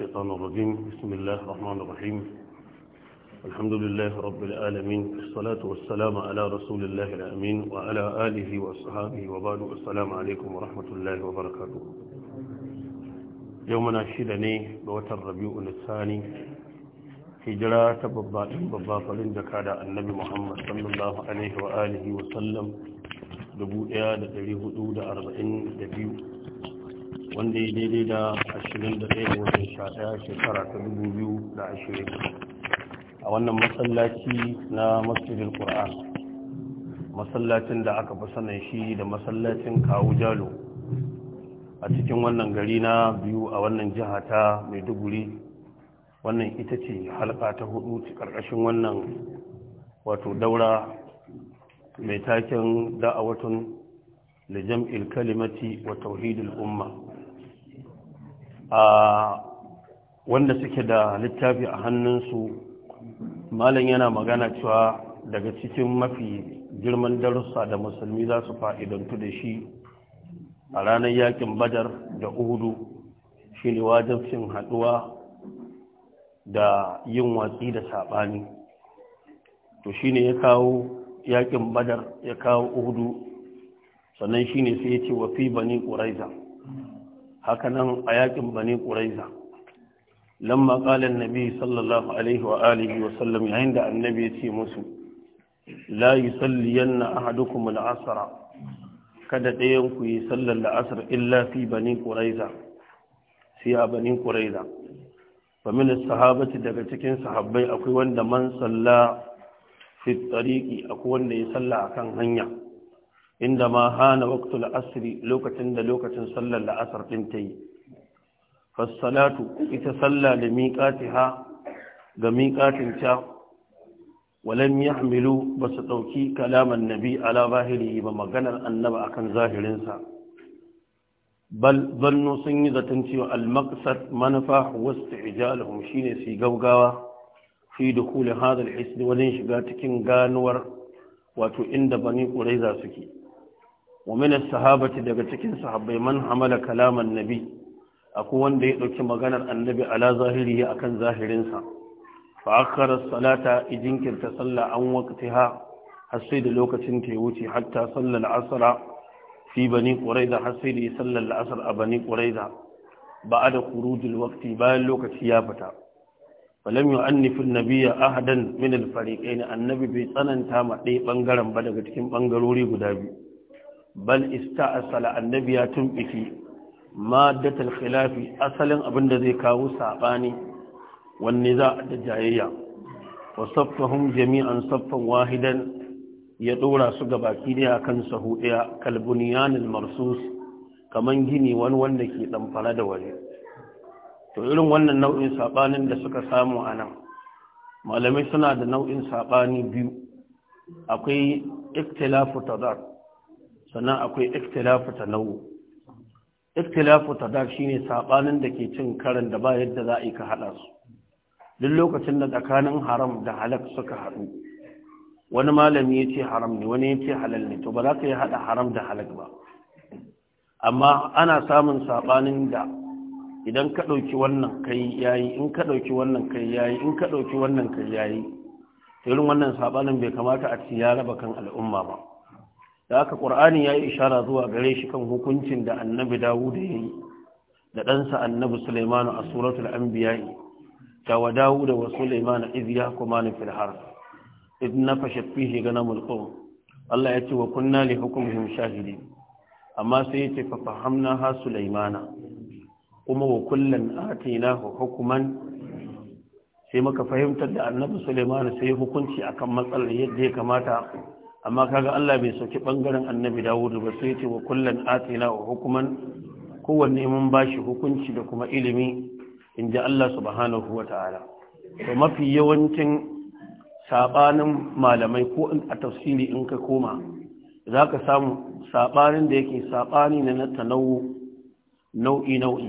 الشيطان الرجيم بسم الله الرحمن الرحيم الحمد لله رب العالمين الصلاة والسلام على رسول الله الأمين وعلى آله وأصحابه وبعد السلام عليكم ورحمة الله وبركاته يومنا شدني بوتر ربيع الثاني هجرة ببا ببا فلن جكاد النبي محمد صلى الله عليه وآله وسلم دبوئا دبيه دود أربعين دبيو wanda ya daidai da 21 da watan 11 shekara ta 2020 a wannan masallaci na masjidin qur'an masallacin da aka fi sanin shi da masallacin kawo jalo a cikin wannan gari na biyu a wannan jiha ta maiduguri wannan ita ce halka ta hudu karkashin wannan wato daura mai taken da'awatun da jam'il kalimati wa tauhidul umma wanda suke da littafi a hannunsu malam yana magana cewa daga cikin mafi girman darussa da musulmi za su fa'idantu da shi a ranar yakin badar da uhudu shi ne wajen haɗuwa da yin watsi da saɓani to shi ne ya kawo yakin badar ya kawo uhudu sannan shi ne sai ya ce wa fi bani ƙuraiza hakanan a yakin bani ƙuraiza lamma ƙalar nabi sallallahu alaihi wa alihi wa sallam yayin da annabi ya ce musu la yi salliyan na ahadukum al'asara kada ɗayan ku yi sallar la'asar illa fi bani ƙuraiza sai a bani ƙuraiza fa min sahabati daga cikin sahabbai akwai wanda man salla fi tsariki akwai wanda ya salla akan hanya inda ma hana waqtul asri lokacin da lokacin sallar la'asar ɗin ta yi fassalatu ita salla da ha ga miqatin ta walam yahmilu basu ɗauki kalaman nabi ala zahiri ba maganar annaba akan zahirin sa bal zannu sun yi zaton cewa almaksar manufa wasu shi shine su gaugawa fi dukhul hadha al-hisn wajen shiga cikin ganuwar wato inda bani quraiza suke wa min daga cikin sahabai man hamala kalaman nabi akwai wanda ya dauki maganar annabi ala zahirihi akan zahirin sa fa akhara as-salata ijinkirta sallah an waqtiha har sai da lokacin ta wuce hatta sallar asra fi bani qurayza har sai da sallar la'asar a bani qurayza da khurujil waqti bayan lokaci ya fita falam yu'annif an-nabiy ahadan min al-fariqayn annabi bai tsananta ma dai bangaren ba daga cikin bangarori guda biyu bal asala annabi ya tumbifi maddatul khilafi asalin abin da zai kawo sabani wanne za da jayayya wasaffahum jami'an saffan wahidan ya dora su ga baki daya akan sahu daya kalbuniyanil marsus kaman gini wani wanda ke damfara da wani to irin wannan nau'in sabanin da suka samu anan malamai suna da nau'in sabani biyu akwai ikhtilafu tadar sannan akwai ikhtilafu tanawu ikhtilafu tadak shine sabanin da ke cin karin da ba yadda za a yi ka hada su duk lokacin da tsakanin haram da halak suka haɗu wani malami ya ce haram ne wani ya ce halal ne to ba za ka yi haɗa haram da halak ba amma ana samun sabanin da idan ka ɗauki wannan kai yayi in ka ɗauki wannan kai yayi in ka ɗauki wannan kai yayi irin wannan sabanin bai kamata a ci ya raba kan al'umma ba da aka ƙur'ani ya yi ishara zuwa gare shi kan hukuncin da annabi dawud ya yi da ɗansa annabi sulaimanu a suratul anbiya'i ta wa dawud wa sulaimanu iziya kuma ni fil harb fashe nafashat fihi gana qawm Allah ya ce wa kunna li hukmihim shahidi amma sai ya ce fa fahamna ha sulaimana kuma wa kullun atinahu hukuman sai muka fahimtar da annabi sulaimanu sai hukunci akan matsalar yadda ya kamata amma kaga Allah bai sauki bangaren annabi Dawudu ba sai ce wa kullan atina wa hukuman kowanne mun bashi hukunci da kuma ilimi in ji Allah subhanahu wa ta'ala to mafi yawancin sabanin malamai ko a tafsiri in ka koma zaka samu sabanin da yake sabani ne na tanawu nau'i nau'i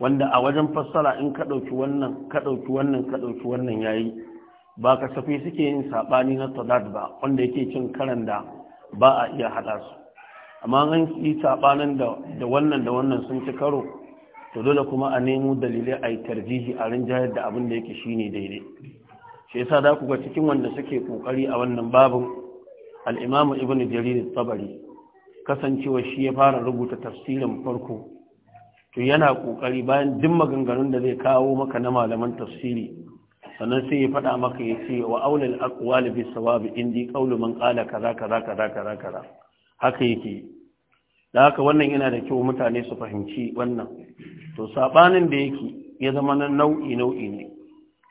wanda a wajen fassara in ka dauki wannan ka dauki wannan ka dauki wannan yayi ba kasafai suke yin saɓani na talat ba wanda yake cin karan da ba a iya haɗa su amma an yi saɓanin da wannan da wannan sun ci karo to dole kuma a nemo dalilai a yi tarjihi a rinjayar da abin da yake shine daidai shi yasa za ku ga cikin wanda suke kokari a wannan babin al'imamu ibn jarir tabari kasancewa shi ya fara rubuta tafsirin farko to yana kokari bayan duk maganganun da zai kawo maka na malaman tafsiri sannan sai ya faɗa maka ya ce wa aulal aqwali bis sawabi indi qawlu man qala kaza kaza kaza kaza kaza haka yake da haka wannan yana da kyau mutane su fahimci wannan to sabanin da yake ya zama nan nau'i nau'i ne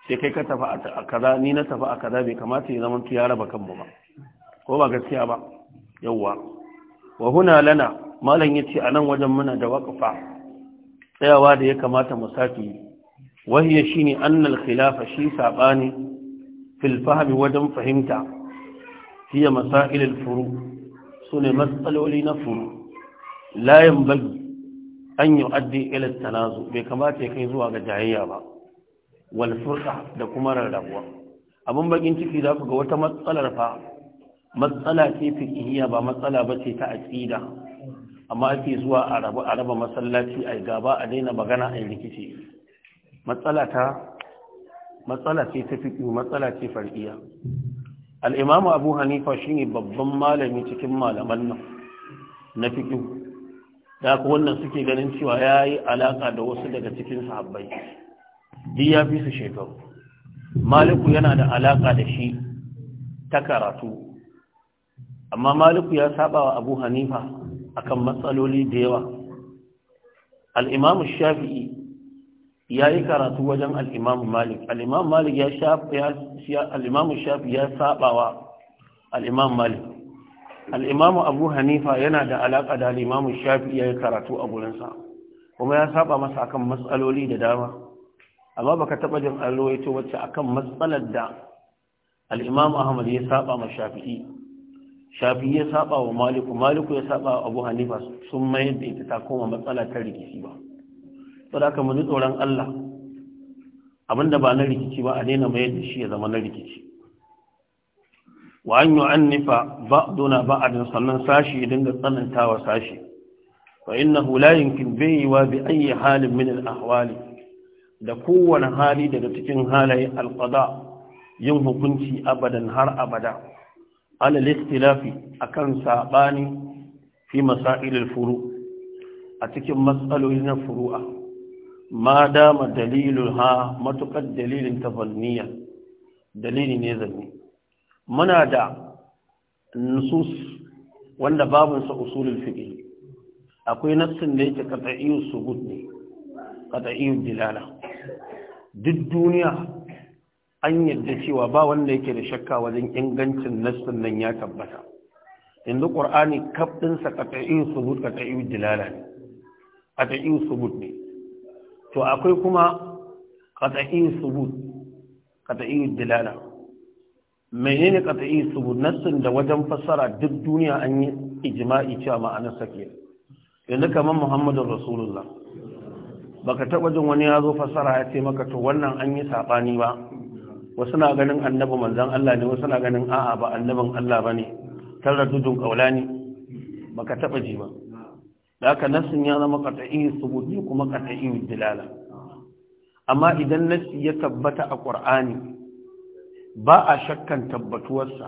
sai kai ka tafi a kaza ni na tafi a kaza bai kamata ya zama tu ya raba kanmu ba ko ba gaskiya ba yawwa wa huna lana malam yace anan wajen muna da waqfa tsayawa da ya kamata mu saki wahiya shine annal kilafa shi sabani fil wajen fahimta hiya masail furu sune matsaloli na furu Layin yanbaghi an yu'addi ila tanazu bai kamata ya kai zuwa ga jayayya ba wal da kuma rarrabuwa abun baƙin ciki za ku ga wata matsalar fa matsala ce fiqhiyya ba matsala bace ta aqida amma ake zuwa a raba masallaci a gaba a daina magana a rikici matsala ce ta fiƙi matsala ce far'iya al'imamu abu hanifa shi ne babban malami cikin malaman nan na fiƙi da ku wannan suke ganin cewa ya yi alaƙa da wasu daga cikin sahabbai duk ya fi su shekaru maliku yana da alaƙa da shi ta karatu amma maliku ya saba wa abu hanifa akan matsaloli da yawa al'imamu shafi'i ya yi karatu wajen al'imamu malik al'imamu malik ya shafi ya sabawa al'imamu malik al'imamu abu hanifa yana da alaƙa da al'imamu shafi ya yi karatu a gurinsa kuma ya saba masa akan matsaloli da dama amma baka taɓa jin an rawaito wacce akan matsalar da al'imamu ahmad ya saba ma shafi'i shafi'i ya saba wa maliku maliku ya saba abu hanifa sun mayar da ita ta koma matsala ta rikici ba saboda haka mu ji tsoron Allah abinda ba na rikici ba a daina mai da shi ya zama na rikici wa an yi ba a ba'adin sannan sashi idan da tsanantawa sashi fa inna hulayin kin bi ayi halin min al-ahwali da kowane hali daga cikin halaye al-qada yin hukunci abadan har abada ala ikhtilafi akan sabani fi masail al-furu a cikin matsalolin furu'a ma dama dalilun ha matuƙar dalilin tafalniya dalili ne zanni muna da nusus wanda babinsa usulul fiɗi. akwai nassin da yake qat'iyyu subut ne qat'iyyu dilala duk duniya an yadda cewa ba wanda yake da shakka wajen ingancin nassin nan ya tabbata yanzu qur'ani kaf din sa qat'iyyu subut qat'iyyu dilala ne qat'iyyu subut ne to akwai kuma qat'i subut qat'i dilala menene qat'i subut nassin da wajen fassara duk duniya an yi ijma'i cewa ma'anar sa ke yanzu kamar Muhammadur Rasulullah baka taba jin wani ya zo fassara ya ce maka to wannan an yi sabani ba wasu na ganin annabi manzon Allah ne wasu na ganin a'a ba annabin Allah bane tarradudun kaulani baka taba ji ba da haka nassin ya zama qat'i subuti kuma qat'i dilala amma idan nassi ya tabbata a qur'ani ba a shakkan tabbatuwarsa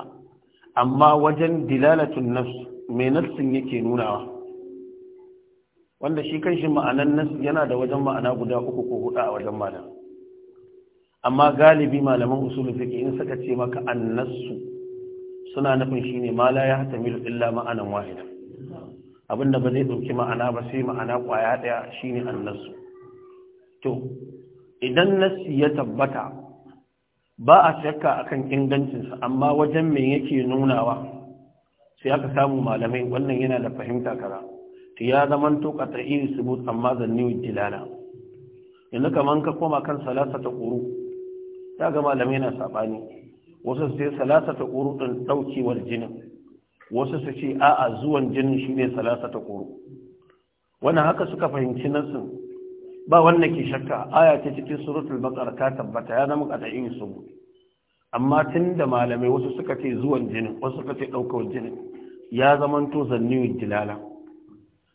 amma wajen dilalatun nafs mai nassin yake nunawa wanda shi kan shi ma'anan nas yana da wajen ma'ana guda uku ko hudu a wajen malam amma galibi malaman usul fiqh in saka ce maka annasu suna nufin shine mala ya yahtamilu illa ma'anan wahida abinda ba zai ɗauki ma'ana ba sai ma'ana ƙwaya ɗaya shine annasu to idan nasi ya tabbata ba a shakka akan ingancinsa amma wajen me yake nunawa sai aka samu malamai wannan yana da fahimta kara to ya zaman to qat'i subut amma zanni dilala yanzu kaman ka koma kan ta quru ta ga malamai na sabani wasu sai ta quru din daukewar jinin wasu su ce a'a zuwan jinin salasa ta ƙoro. Wani haka suka fahimci nasu ba wannan ke shakka aya ta cikin surutul baqara ta tabbata ya zama yin su amma da malamai wasu suka ce zuwan jinin wasu suka ce ɗaukar jinin ya zama zanni zanniyu jilala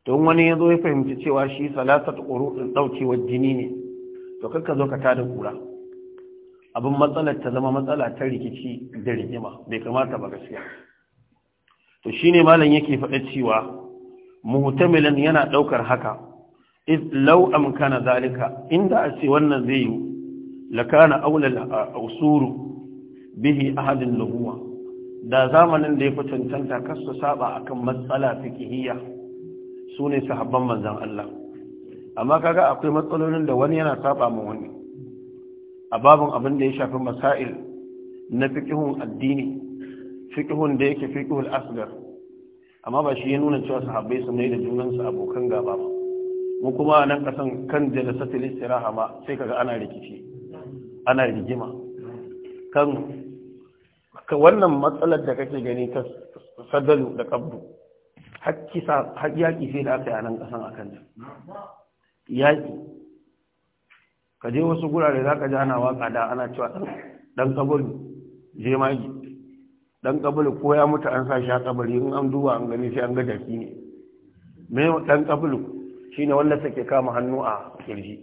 don wani ya zo ya fahimci cewa shi salasa ta ƙoro ɗin ɗaukewar jini ne to ka zo ka ta da kura abin matsalar ta zama matsala ta rikici da rigima bai kamata ba gaskiya to shine malam yake faɗa cewa muhtamilan yana ɗaukar haka iz law amkana zalika inda a ce wannan zai yi lakana aulal usuru bihi ahadin nubuwa da zamanin da ya fi cancanta kasu saba akan matsala fikihiyya su ne sahabban manzan Allah amma kaga akwai matsalolin da wani yana saba ma wani a babin abin da ya shafi masail na fikihun addini fiƙihun da yake fiƙihun asgar amma ba shi ya nuna cewa sahabbai su mai da junansu abokan gaba ba mu kuma nan kasan kan satelit istiraha ma sai kaga ana rikici ana rigima kan wannan matsalar da kake gani ta sadar da kabdu hakki sai da aka a nan kasan Yaƙi. ka je wasu gurare zaka ji ana waka da ana cewa dan kabul je dan kabul ko ya mutu an sa shi a kabari in an duba an gani sai an ga jaki ne me dan kabul shine wanda take kama hannu a kirji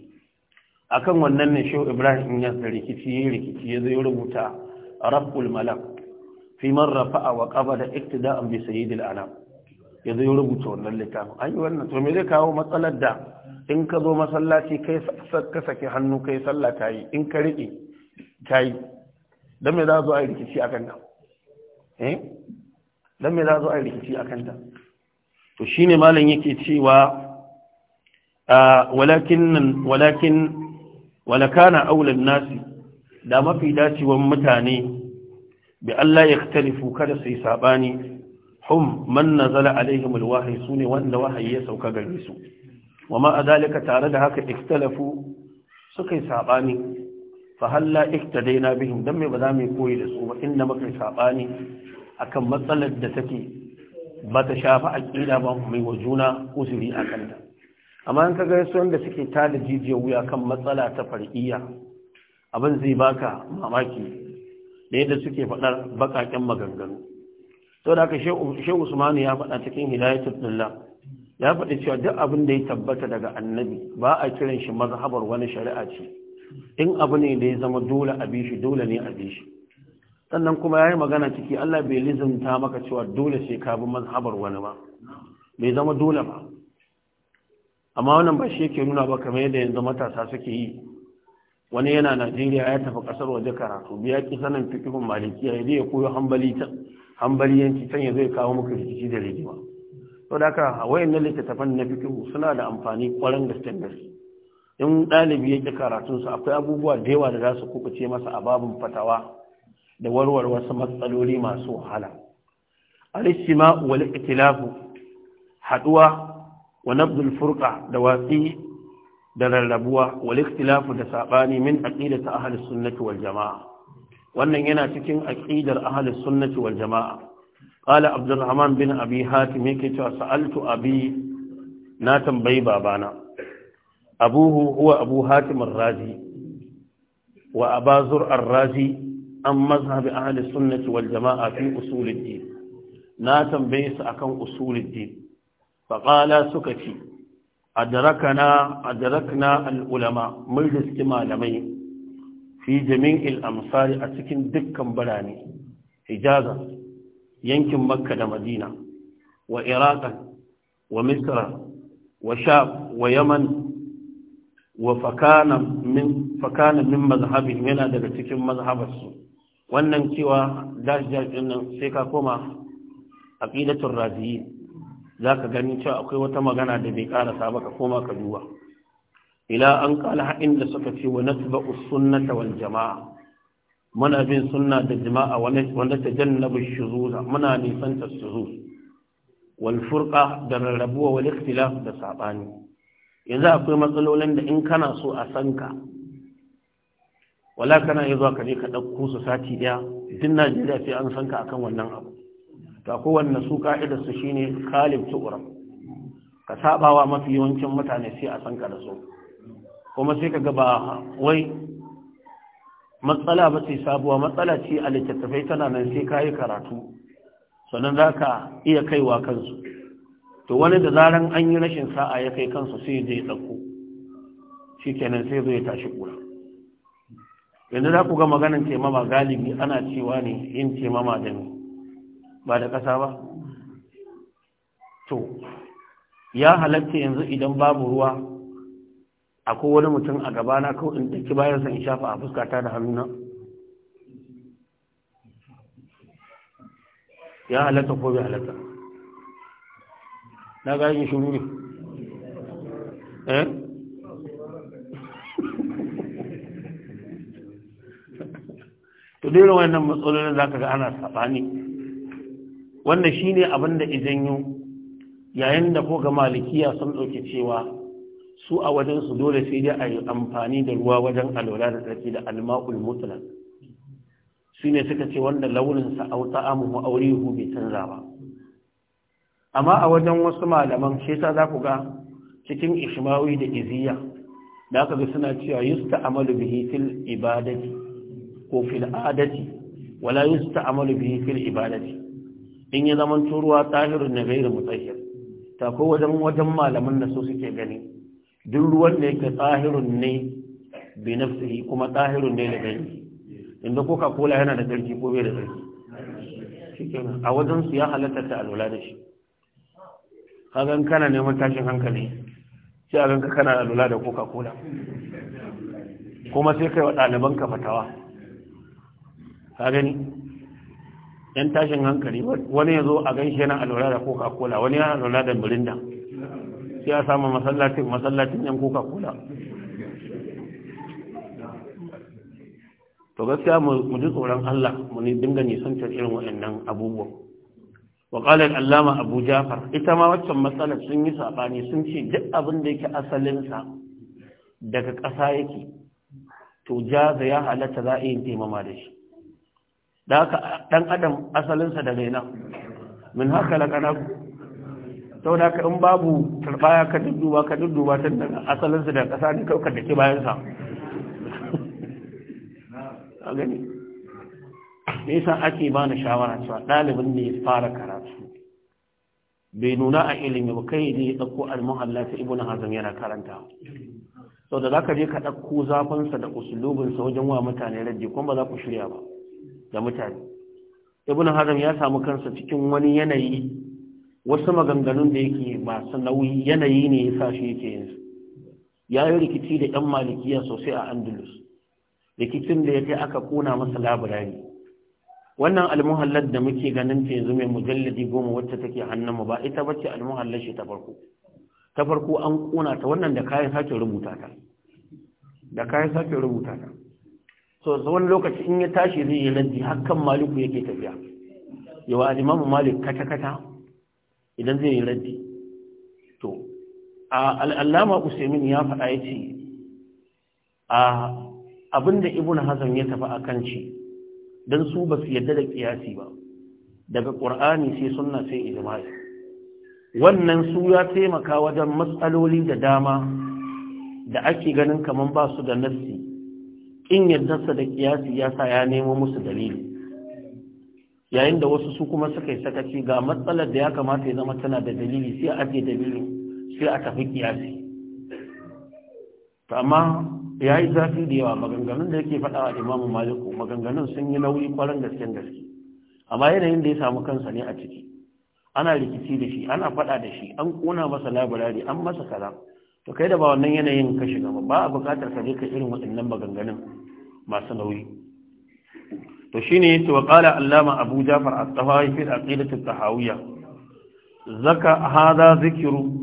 akan wannan ne shehu ibrahim ya da rikici ya rikici ya zai rubuta rabbul malak fi man rafa'a wa qabada iktida'an bi sayyidil anam ya zai rubuta wannan littafin ai wannan to me zai kawo matsalar da in ka zo masallaci kai ka saki hannu kai sallah tayi in ka riƙe tayi dan me za zo a rikici akan nan eh dan me za zo a rikici a kanta. to shine malam yake cewa ah, walakin walakin walakana aulan nasi da mafi dacewan mutane bi Allah ya tarifu kada su yi saɓani hum man nazala alaihim alwahyi sune wanda wahayi ya sauka gare su wa ma azalika tare da haka ikhtalafu suka yi saɓani fa halla iktadaina bihim dan me ba za mu koyi da su ba inda sabani akan matsalar da take bata shafa aqida ba mai wa juna usuri akan ta amma in kaga su da suke tada jijiyar wuya kan matsala ta far'iyya abin zai baka mamaki da yadda suke faɗar bakaken maganganu to da aka shehu usmanu ya faɗa cikin hidayatul dillah ya faɗi cewa duk abin da ya tabbata daga annabi ba a kiran shi mazhabar wani shari'a ce in abu ne da ya zama dole a bi shi dole ne a bi shi sannan kuma ya yi magana ciki Allah bai lizimta maka cewa dole sai ka bi mazhabar wani ba bai zama dole ba amma wannan ba shi yake nuna ba kamar yadda yanzu matasa suke yi wani yana Najeriya ya tafi kasar waje karatu biya ki sanin fiqhun malikiya ya je ya koyo hanbali ta hanbaliyanci can ya zai kawo muku rikici da rigima to da haka wayannan littattafan na fikihu suna da amfani kwarin da gaske in ɗalibi ƙi karatunsa akwai abubuwa da yawa da za su kubuce masa a babin fatawa da warware wasu matsaloli masu wahala alishima wal ikhtilafu haduwa wa nabdul furqa da watsi da rarrabuwa wal ikhtilafu da sabani min aƙidata ahli sunnati wal jamaa wannan yana cikin aqidar ahli sunnati wal jamaa qala abdurrahman bin abi hatim yake cewa sa'altu abi na tambayi babana abuhu huwa abu hatim razi wa abazur ar-razi an mazhabi ahli sunnati wal jama'a fi usul na tambaye su akan usul ad fa qala suka ci adrakana adrakna al-ulama mun riski malamai fi jami'il amsari a cikin dukkan birane hijaza yankin makka da madina wa iraqan wa misra wa shab wa yaman wa fakana min mazhabin yana daga cikin mazhabarsu wannan cewa dash nan sai ka koma aqidatul raziyi zaka gani cewa akwai wata magana da bai karasa ba ka koma ka ila an haɗin da suka ce wa natba'u sunnata wal jama'a muna bin sunna da jama'a wanda ta jannabu shuzuza muna nisan ta shuzuz wal furqa da rarrabuwa wal ikhtilaf da sabani yanzu akwai matsalolin da in kana so a san ka wala kana yanzu zuwa ka je ka ɗauko su sati ɗaya duk najeriya sai an san ka akan wannan abu ta wannan su ka'idar su shine kalib tuqra ka sabawa mafi yawancin mutane sai a san ka da su kuma sai ka ga ba wai matsala ba sai sabuwa matsala ce a littattafai tana nan sai ka yi karatu sannan za ka iya kaiwa kansu to wani da zaran an yi rashin sa'a ya kai kansa sai zai ɗauko shi kenan sai zai tashi ƙura yanzu za ku ga maganin taimama galibi ana cewa ne yin taimama da ni ba da ƙasa ba to ya halatta yanzu idan babu ruwa akwai wani mutum a gabana kawai in ɗauki bayansa in shafa a fuskata da hannuna ya halatta ko bai halatta na ga yin shuru ne eh? to dole wannan matsalolin ka ga ana sabani wannan ne abin da yi yayin da ko ga malikiya sun dauke cewa su a wajen su dole sai dai a yi amfani da ruwa wajen alwala da tsarki da alma'ul mutlaq shine suka ce wanda launin sa auta amu aurihu bai canza ba amma a wajen wasu malaman shi ta za ku ga cikin ishmawi da iziya da aka ga suna cewa amalu bihi fil ibadati ko fil adati wala amalu bihi fil ibadati in ya zaman turuwa tahirun na gairu mutahhir ta ko wajen wajen malaman da so suke gani duk ruwan da yake tahirun ne bi nafsihi kuma tahirun ne da gairu inda coca cola yana da tsarki ko bai da tsarki shikenan a wajen su ya halatta ta alwala da shi kagan kana neman tashin hankali sai a ganka kana lula da coca cola kuma sai kai wa ɗaliban ka fatawa ka gani yan tashin hankali wani ya zo a ganshi yana lura da coca cola wani yana lura da mirinda sai a samu masallacin masallacin yan coca cola to gaskiya mu ji tsoron Allah mu ne dinga nisantar irin waɗannan abubuwan wa qalan allama abu jafar ita ma wancan matsalar sun yi sabani sun ce duk abin da yake asalin sa daga kasa yake to ja ya halata za a yi timama da shi dan haka dan adam asalin sa daga ina mun haka la kana to dan haka in babu turbaya ka dudduwa ka dudduwa tun daga asalin sa daga kasa ne kaukar dake me yasa ake bani shawara cewa ɗalibin ne ya fara karatu bai nuna a ilimi ba kai ne ya ɗauko al-muhalla ta ibnu yana karanta sau da za ka je ka ɗauko zafinsa da usulubinsa wajen wa mutane raddi kuma ba za ku shirya ba da mutane ibn ya samu kansa cikin wani yanayi wasu maganganun da yake masu nauyi yanayi ne ya sa shi yake yin su ya yi rikici da ɗan malikiya sosai a andalus rikicin da ya kai aka kona masa labirari wannan almuhallar da muke ganin ta yanzu mai mujalladi goma wacce take hannunmu ba ita bace almuhallar shi ta farko ta farko an kona ta wannan da kayan sake rubuta ta da kayan sake rubuta ta so wani lokaci in ya tashi zai yi raddi hakan maliku yake tafiya yawa alimamu malik kata kata idan zai yi raddi to a al'allama usaimin ya faɗa ya ce a abinda ibn hazan ya tafi a kan shi don su ba su yadda da kiyasi ba daga ƙur'ani sai sunna sai ijma'i wannan su ya taimaka wajen matsaloli da dama da ake ganin kamar ba su da nassi in yardarsa da kiyasi ya sa ya nemo musu dalili yayin da wasu su kuma suka yi sakaci ga matsalar da ya kamata ya zama tana da dalili sai a ajiye dalilin sai a tafi kiyasi amma ya yi zafi da yawa maganganun da yake faɗa a imamu maliku maganganun sun yi nauyi kwarin gasken gaske amma yanayin da ya samu kansa ne a ciki ana rikici da shi ana faɗa da shi an ƙona masa labarari an masa kaza to kai da ba wannan yanayin ka shiga ba ba a buƙatar ka je ka irin waɗannan maganganun masu nauyi to shine to wa qala allama abu jafar at-tahawi fi al at-tahawiyya zaka hadha zikru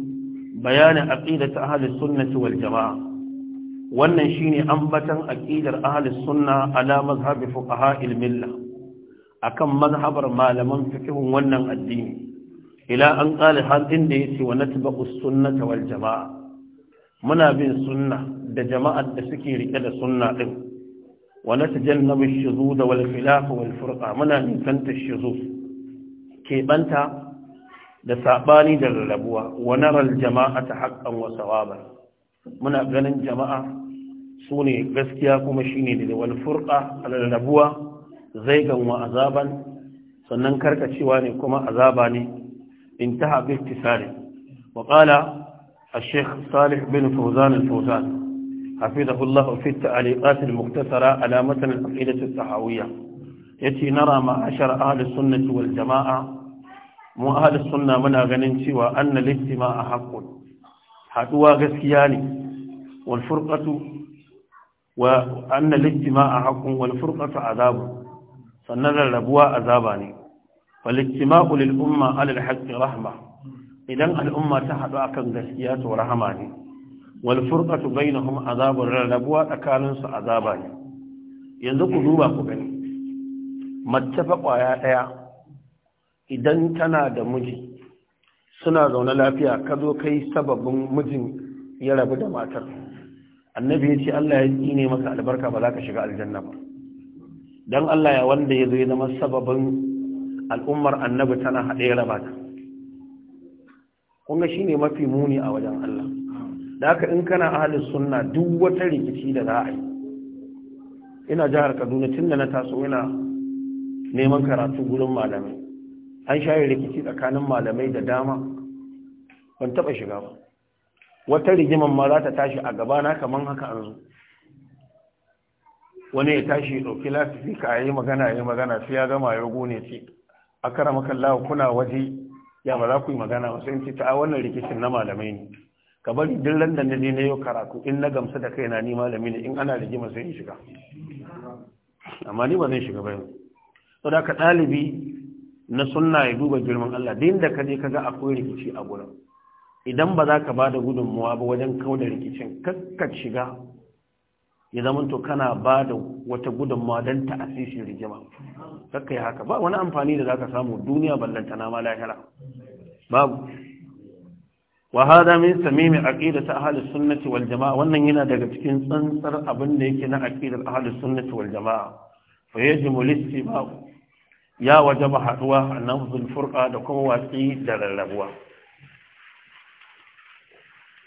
bayan aqidat ahli sunnah wal jamaa wannan shine ambatan aƙidar ahlus sunna ala mazhab fuqaha ilmilla a akan mazhabar malaman fikihun wannan addini ila an qala da ya yace wa natba'u sunnata wal jamaa muna bin sunna da jama'ar da suke rike da sunna ɗin. wa natajannabu ash-shuzuz wal da wal furqa muna nisanta ash-shuzuz ke da saɓani da rarrabuwa wa naral ta haƙƙan wa sawaban muna ganin jama'a sune gaskiya kuma shine da wal furqa al-nabuwa zaygan wa azaban sannan karkacewa ne kuma azaba ne intaha bi ittisari wa qala al-sheikh bin fawzan al-fawzan hafizahullah fi at-ta'liqat al-mukhtasara ala matan al-aqidah al-sahawiyya yati nara ma ashara ahli sunnah wal jamaa mu ahli sunnah muna ganin cewa anna al-ittima gaskiya ne wal furqatu wa anna lijtima'a haqqun wal furqatu azabun sannan rarrabuwa azaba ne wal ijtima'u lil umma 'ala al haqqi rahma idan al umma ta hadu akan gaskiya to rahama ne wal furqatu bainahum azabun rarrabuwa tsakanin su azaba ne yanzu ku duba ku gani mace fa kwaya daya idan tana da miji suna zaune lafiya ka zo kai sababin mijin ya rabu da matar annabi ya ce Allah ya tsine maka albarka ba za ka shiga aljanna ba dan Allah ya wanda ya zo ya zama sababin al'ummar annabi tana haɗe ya raba ta kun ga shine mafi muni a wajen Allah da haka in kana ahalin sunna duk wata rikici da za a yi ina jihar Kaduna tun da na taso ina neman karatu gurin malamai an shayi rikici tsakanin malamai da dama ban taɓa shiga ba wata rigimar ma za ta tashi a gabana kamar haka an zo wani ya tashi ɗauki lafifi ka yi magana yi magana sai ya gama ya gone ce a kara makalla kuna waje ya ba za ku yi magana wasu yanci ce ta wannan rikicin na malamai ne ka bari duk randan da ne na yau karatu in na gamsu da na ni malami ne in ana rigima sai in shiga amma ni ba zan shiga ba yau da ka ɗalibi na sunna ya duba girman Allah din da ka je ka ga akwai rikici a gurin idan ba za ka ba da gudunmuwa ba wajen kawo da rikicin kakka shiga ya zama to kana ba da wata gudunmuwa don ta asishin rigima kakka yi haka ba wani amfani da za ka samu duniya ballanta na malahira babu wa hada min samimi ta ahli sunnati wal jamaa wannan yana daga cikin tsantsar abin da yake na aqidar ahli sunnati wal jamaa fa yajibu listiba ya wajaba haduwa zul furqa da kuma watsi da rarrabuwa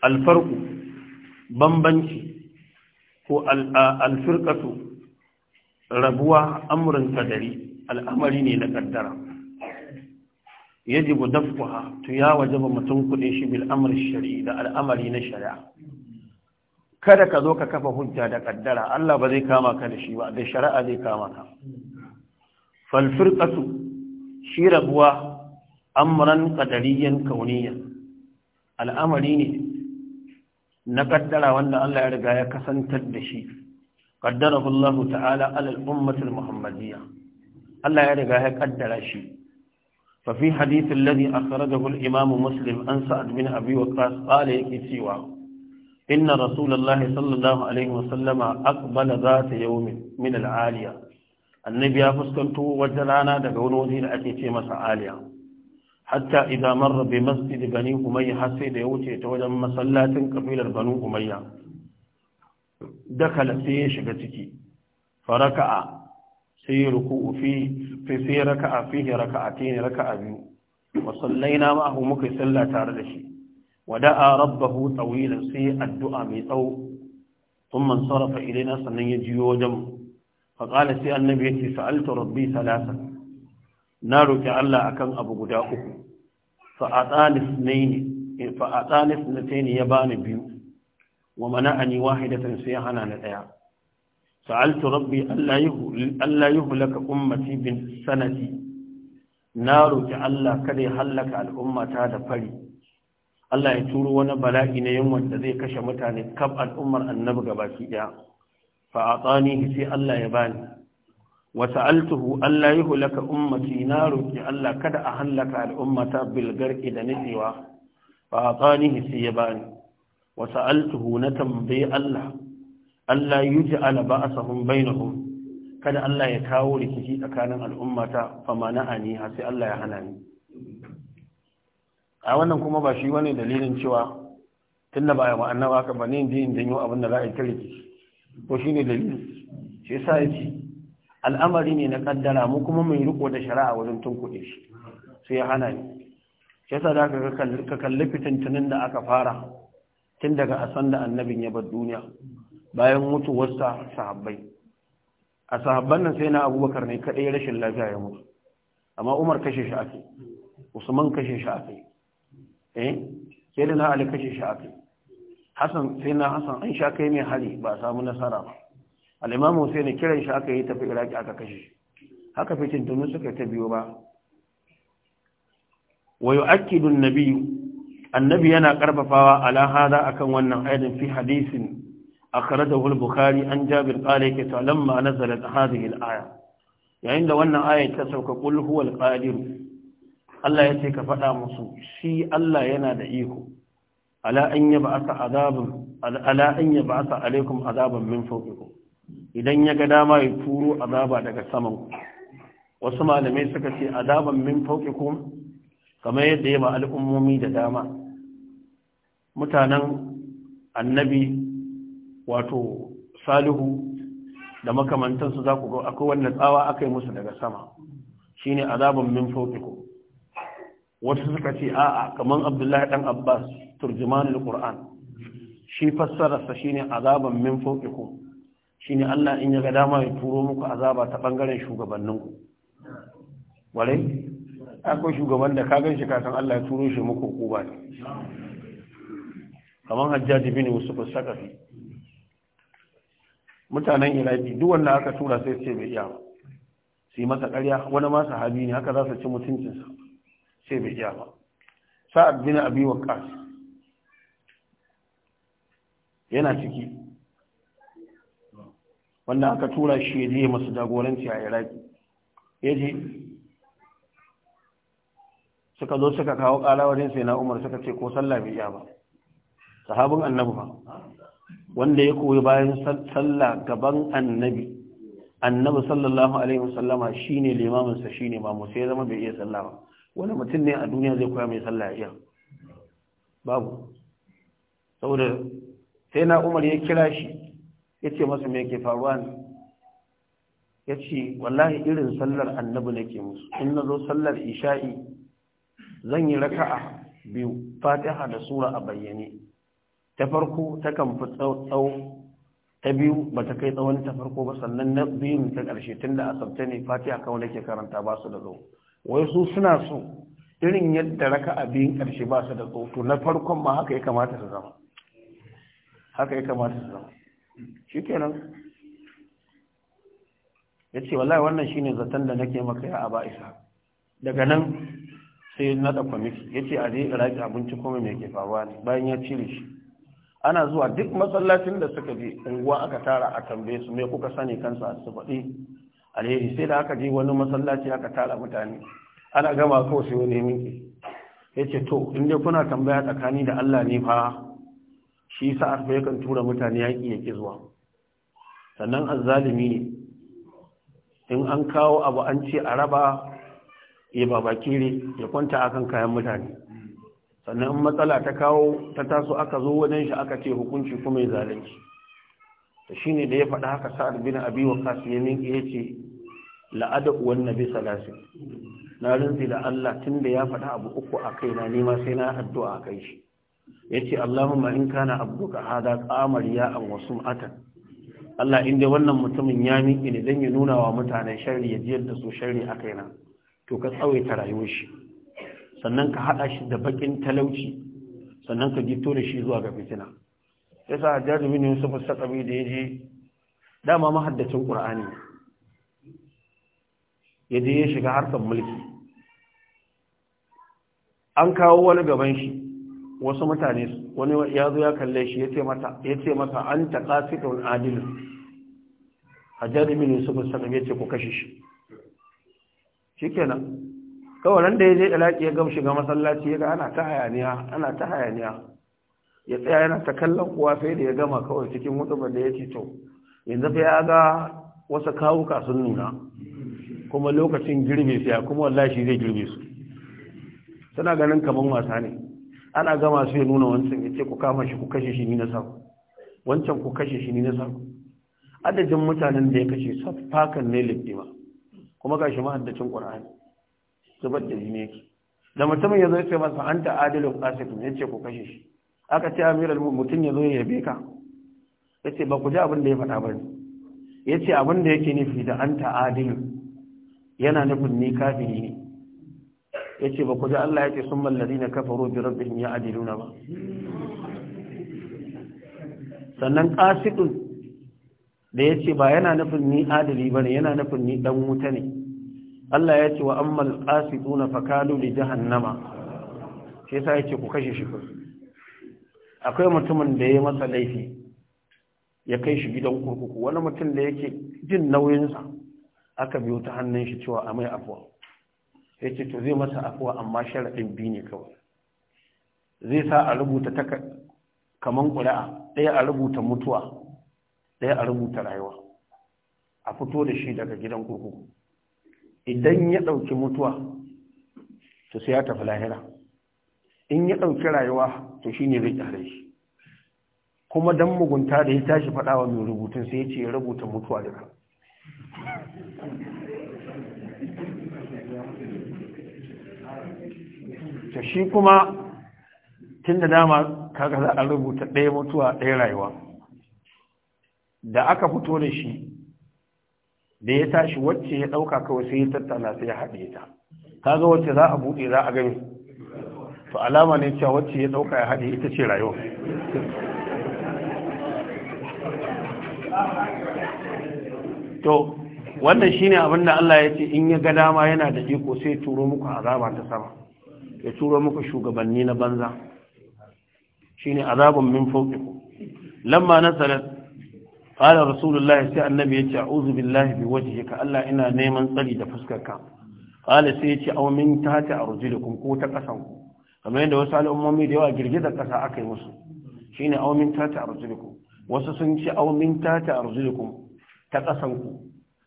alfarku bambanci ko alfirkatu rabuwa amurin kadari al'amari ne na kaddara yajibu dafkuha to ya wajaba mutum kuɗi shi da al'amari na shari'a kada ka zo ka kafa hujja da kaddara Allah ba zai kama ka da shi ba da shari'a zai kama ka fal firqatu shi rabuwa amran qadariyan kauniyan al'amari ne na kaddara wanda Allah ya riga ya kasantar da shi qaddarahu Allah ta'ala alal al muhammadiyya Allah ya riga ya kaddara shi fa fi hadith alladhi akhrajahu al-imam muslim an sa'ad bin abi waqas qala yake cewa inna rasulullah sallallahu alaihi wa sallama aqbala zat yawmin min al-aliya annabi ya fuskanto wata rana daga wani waje da ake ce masa aliya hatta idan marra bi masjid bani umayya har sai da ya wuce ta wajen masallacin kabilar banin umayya dakala sai ya shiga ciki faraka'a sai ruku'u fi fi sai raka'a fihi raka'atayn raka'a biyu wa sallaina ma'ahu muka salla tare da shi wada'a rabbahu tawilan sai addu'a mai tsawo thumma sarafa ilaina sannan ya jiyo wajen mu. qala sai annabi yake sa'altu rabbi salasan na roƙi Allah akan abu guda uku fa'atanis ne eh, fa'atanis na ya bani biyu wa mana'ani wahidatan ya hana na ɗaya. sa'altu rabbi Allah yuhlaka ummati bin sanadi. na roƙi Allah kada ya hallaka al'ummata da fari Allah ya turo wani bala'i na yunwa da zai kashe mutane kaf al'ummar annabi gabaki ɗaya. fa atani sai Allah ya bani altuhu Allah ya hulaka ummati na roƙi Allah kada a hallaka al’ummata bilgar da nitsewa ba a tsani hisi ya bani wasa'altuhu na tambayi Allah Allah yi ji alaba a sahun bainahun kada Allah ya kawo rikici tsakanin al’ummata fa mana a Allah ya hana ni a wannan kuma ba shi wani dalilin cewa tun da ba a yi ma'annaba ka ba ne in ji in janyo da za a yi ta rikici ko shi ne dalilin shi yasa al'amari ne na kaddara mu kuma mai riko da shari'a wajen tunkuɗe shi su ya hana ni ya sa da ka kalli fitintunin da aka fara tun daga asan da annabin ya bar duniya bayan wasu sahabbai a sahabban nan sai na abubakar ne kaɗai rashin lafiya ya mutu amma umar kashe shi ake usman kashe shi ake eh sai da na ali kashe shi ake hasan sai na hasan an sha kai mai hari ba a samu nasara ba al'imamu sai kiran shi aka yi tafi iraki aka kashe shi haka fitin tunin suka ta biyo ba ake yu'akkidu na biyu. annabi yana karfafawa ala a akan wannan ayatin fi hadisin kare da bukhari an jabir qala yake to lamma nazalat hadhihi al-aya yayin da wannan ayat ta sauka qul huwal Allah ya ce ka faɗa musu shi Allah yana da iko ala an yab'atha azaban ala an yab'atha alaykum azaban min idan ya ga dama ya turo azaba daga saman wasu malamai suka ce azaban min fawqikum kamar yadda ya ba al'ummomi da dama mutanen annabi wato salihu da makamantansu za ku ga akwai wannan tsawa aka yi musu daga sama Shi ne azaban min fawqikum wasu suka ce a'a kamar abdullahi dan abbas turjimanin qur'an shi fassararsa shi ne azaban min fawqikum shine Allah in ya ga dama ya turo muku azaba ta bangaren shugabanninku walai akwai shugaban da ka ganshi kakan Allah ya turo shi muku kuba ne kamar hajjaji bin yusuf sakafi mutanen iraki duk wanda aka tura sai ce bai iya ba sai masa ƙarya wani ma sahabi ne haka za su ci mutuncinsa sai bai iya ba sa'ad bin abi waqas yana ciki wanda aka tura shi ya je masu jagoranci a iraki ya je suka zo suka kawo ƙara wajen sai na umar suka ce ko sallah bai iya ba sahabin annabi ba wanda ya koyi bayan sallah gaban annabi annabi sallallahu alaihi wasallama shi ne limaminsa shi ne mamu sai zama bai iya sallah ba wani mutum ne a duniya zai koya mai sallah iya babu saboda sai na umar ya kira shi ya ce masu me ke faruwa ne ya ce wallahi irin sallar annabi nake musu in na zo sallar isha'i zan yi raka'a biyu fatiha da sura a bayyane ta farko ta kan fi tsawo ta biyu ba ta kai tsawon ta farko ba sannan na biyun ta ƙarshe tun da asabta ne fatiha kawai nake karanta ba su da zo wai su suna so irin yadda raka'a biyun ƙarshe ba su da zo to na farkon ma haka ya kamata su zama haka ya kamata su zama shi kenan ya ce wallahi wannan shine zaton da nake maka ya aba isa daga nan sai na naɗa kwamiti ya ce a zai iraki abinci kuma mai ke faruwa ne bayan ya cire shi ana zuwa duk masallacin da suka je unguwa aka tara a tambaye su mai kuka sani kansa su faɗi alheri sai da aka je wani masallaci aka tara mutane ana gama kawai sai wani minki ya ce to inda kuna tambaya tsakani da allah ne fa shi sa asma yakan tura mutane yaƙi yake zuwa sannan azzalimi ne in an kawo abu an ce a raba ya ne ya kwanta akan kayan mutane sannan in matsala ta kawo ta taso aka zo wajen shi aka ce hukunci kuma ya zalunci shi ne da ya faɗa haka sa'ad bin abi kasu ya iya yace la'ada uwan nabi salasi na rinzi da Allah tunda ya faɗa abu uku a kai na nema sai na addu'a a kai shi yace Allahumma in kana abduka hada qamar ya an wasu atan Allah in dai wannan mutumin ya miƙe ne dan ya nuna wa mutane sharri ya jiyar da su sharri a kaina to ka tsawaita rayuwar shi sannan ka hada shi da bakin talauci sannan ka gito da shi zuwa ga fitina yasa Hajjaj bin Yusuf al da yaje dama mahaddacin Qur'ani yaje ya shiga harkan mulki an kawo wani gaban shi wasu mutane wani ya zo ya kalle shi ya ce masa an ta wani adilu a jarumin yusuf salam ya ce ku kashe shi shi kawai nan da ya je ɗalaƙi ya gamshi ga masallaci ya ga ana ta hayaniya ana ta hayaniya ya tsaya yana ta kallon kuwa sai da ya gama kawai cikin mutumin da ya ce to yanzu fa ya ga wasu kawuka sun nuna kuma lokacin girbe su ya kuma wallahi shi zai girbe su tana ganin kamar wasa ne ana gama su ya nuna wancan ya ce ku kama shi ku kashe shi ni na sako wancan ku kashe shi ni na sako adadin mutanen da ya kashe fakan ne liftima kuma ga shi ma'addacin ƙur'ani, zubar da jini yake da mutumin ya zo ya ce masa an ta adilin asifin ya ce ku kashe shi aka ce amiral mutum ya zo ya yabe ka ya ce ba ku ji abin da ya faɗa ba ne ya ce abin da yake nufi da an ta adilin yana nufin ni kafiri ne yace ba ku ji Allah yace sun mallazina kafaru bi rabbihim nuna ba sannan qasidun da yace ba yana nufin ni adali ne, yana nufin ni dan wuta ne Allah yace wa ammal na fakalu li jahannama sai sai yace ku kashe shi akwai mutumin da ya masa laifi ya kai shi gidan kurkuku wani mutum da yake jin nauyinsa aka biyo ta hannun shi cewa a mai afuwa ya ce to zai masa afuwa amma sharaɗin biyu ne kawai zai sa a rubuta ta kaman ƙuri'a ɗaya a rubuta mutuwa ɗaya a rubuta rayuwa a fito da shi daga gidan kurkuku idan ya ɗauki mutuwa to sai ya tafi lahira in ya ɗauki rayuwa to shi ne zai ƙyare shi kuma don mugunta da ya tashi faɗawa mai rubutun sai ya ce ya rubuta mutuwa daga to shi kuma tun da dama kaga za a rubuta ɗaya mutuwa ɗaya rayuwa da aka fito da shi da ya tashi wacce ya ɗauka kawai sai ya tattala sai ya haɗe ta kaga wacce za a buɗe za a gani to alama ne cewa wacce ya ɗauka ya haɗe ita ce rayuwa to wannan shine abin da Allah ya ce in ya ga dama yana da iko sai turo muku azaba ta sama ya turo muku shugabanni na banza shine azabun min fawqikum lamma nazalat qala rasulullahi sai annabi ya ce a'udhu billahi wajhika Allah ina neman tsari da fuskarka qala sai ce aw min tahta arjulikum ko ta kasan ku kamar yadda wasu al'ummomi da yawa girgizar kasa akai musu shine aw min tahta arjulikum wasu sun ce aw min tahta arjulikum ta kasan ku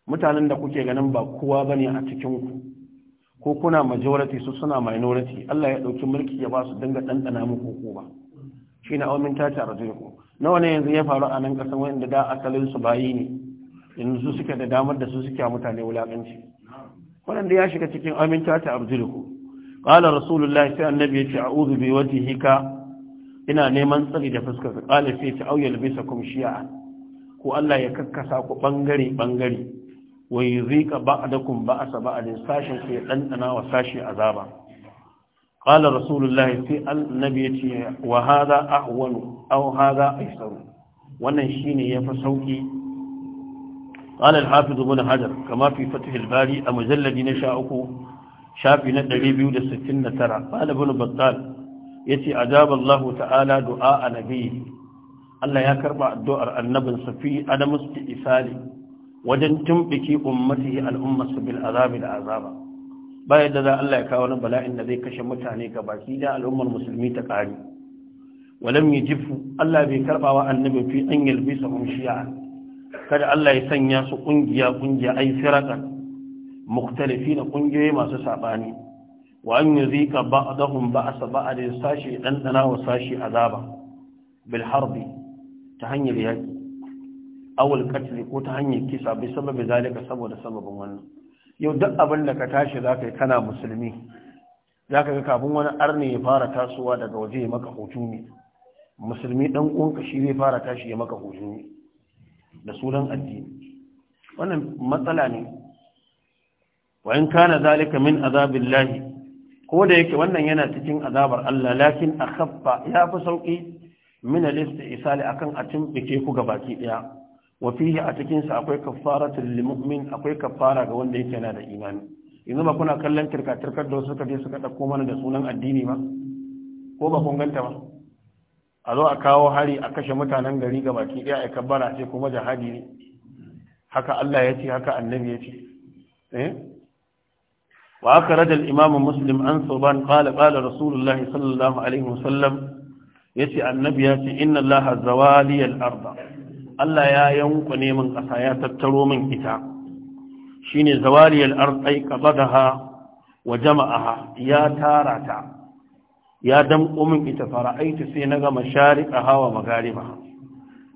mutanen da kuke ganin ba kowa bane a cikin ku ko kuna majority su suna minority Allah ya dauki mulki ya ba su dinga dandana muku Shi shine aumin ta ta arzuku nawa ne yanzu ya faru a nan kasan wanda da asalin su bayi ne yanzu suke da damar da su suke mutane wulakanci wannan ya shiga cikin aumin ta ta arzuku qala rasulullahi sai annabi ya ce a'udhu bi wajhika ina neman tsari da fuskar ka qala sai ta auya bisakum shi'a ko Allah ya kakkasa ku bangare bangare wa yuzika ba'dakum ba'sa ba'din sashin ku ya dandana wa sashi azaba qala rasulullahi sai annabi yace wa hadha ahwanu aw hadha aysaru wannan shine yafi sauki قال الحافظ ابن حجر كما في فتح الباري المجلد نشاءك شافي na 269 قال ابن بطال yace ajaba Allah ta'ala du'a nabi Allah ya karba addu'ar annabinsa fi adamus wajen tumbiki ummatihi su bil azabi da azaba ba yadda za Allah ya kawo wani bala'in da zai kashe mutane ga baki da al'ummar musulmi ta ƙari walam yajifu Allah bai karba wa annabi fi an yalbisa hum shi'a kada Allah ya sanya su kungiya kungiya ay da mukhtalifina kungiyoyi masu sabani wa an yuzika ba'dahum ba'sa ba'd sashi dan dana wa sashi azaba bil harbi ta hanyar yaki awul katli ko ta hanyar kisa bai sababi zalika saboda sababin wannan yau duk abin da ka tashi za ka yi kana musulmi za ka ga kafin wani arni ya fara tasowa daga waje ya maka ne? musulmi dan uwanka shi zai fara tashi ya maka hutu ne. da sunan addini wannan matsala ne wa in kana zalika min azabillahi ko da yake wannan yana cikin azabar Allah lakin akhaffa ya fi sauki min al-istisali akan a tumbike ku baki ɗaya. wa a cikinsa akwai kaffaratul lil mu'min akwai kafara ga wanda yake yana da imani yanzu ba kuna kallon turka turkar da suka je suka dauko mana da sunan addini ba ko ba kun ganta ba a zo a kawo hari a kashe mutanen gari ga baki ɗaya a kabbara ce kuma jihadi ne haka Allah ya ce haka annabi ya ce eh وأخرج الإمام مسلم عن ثوبان قال قال رسول الله صلى الله عليه وسلم يتي النبي يتي إن الله زوالي الأرض Allah ya yanku neman ƙasa ya tattaro min ita shine zawariyar arzai qabadaha wa jama'aha ya tara ta ya damƙo min ita fara'aitu sai na gama mashariqaha hawa magariba.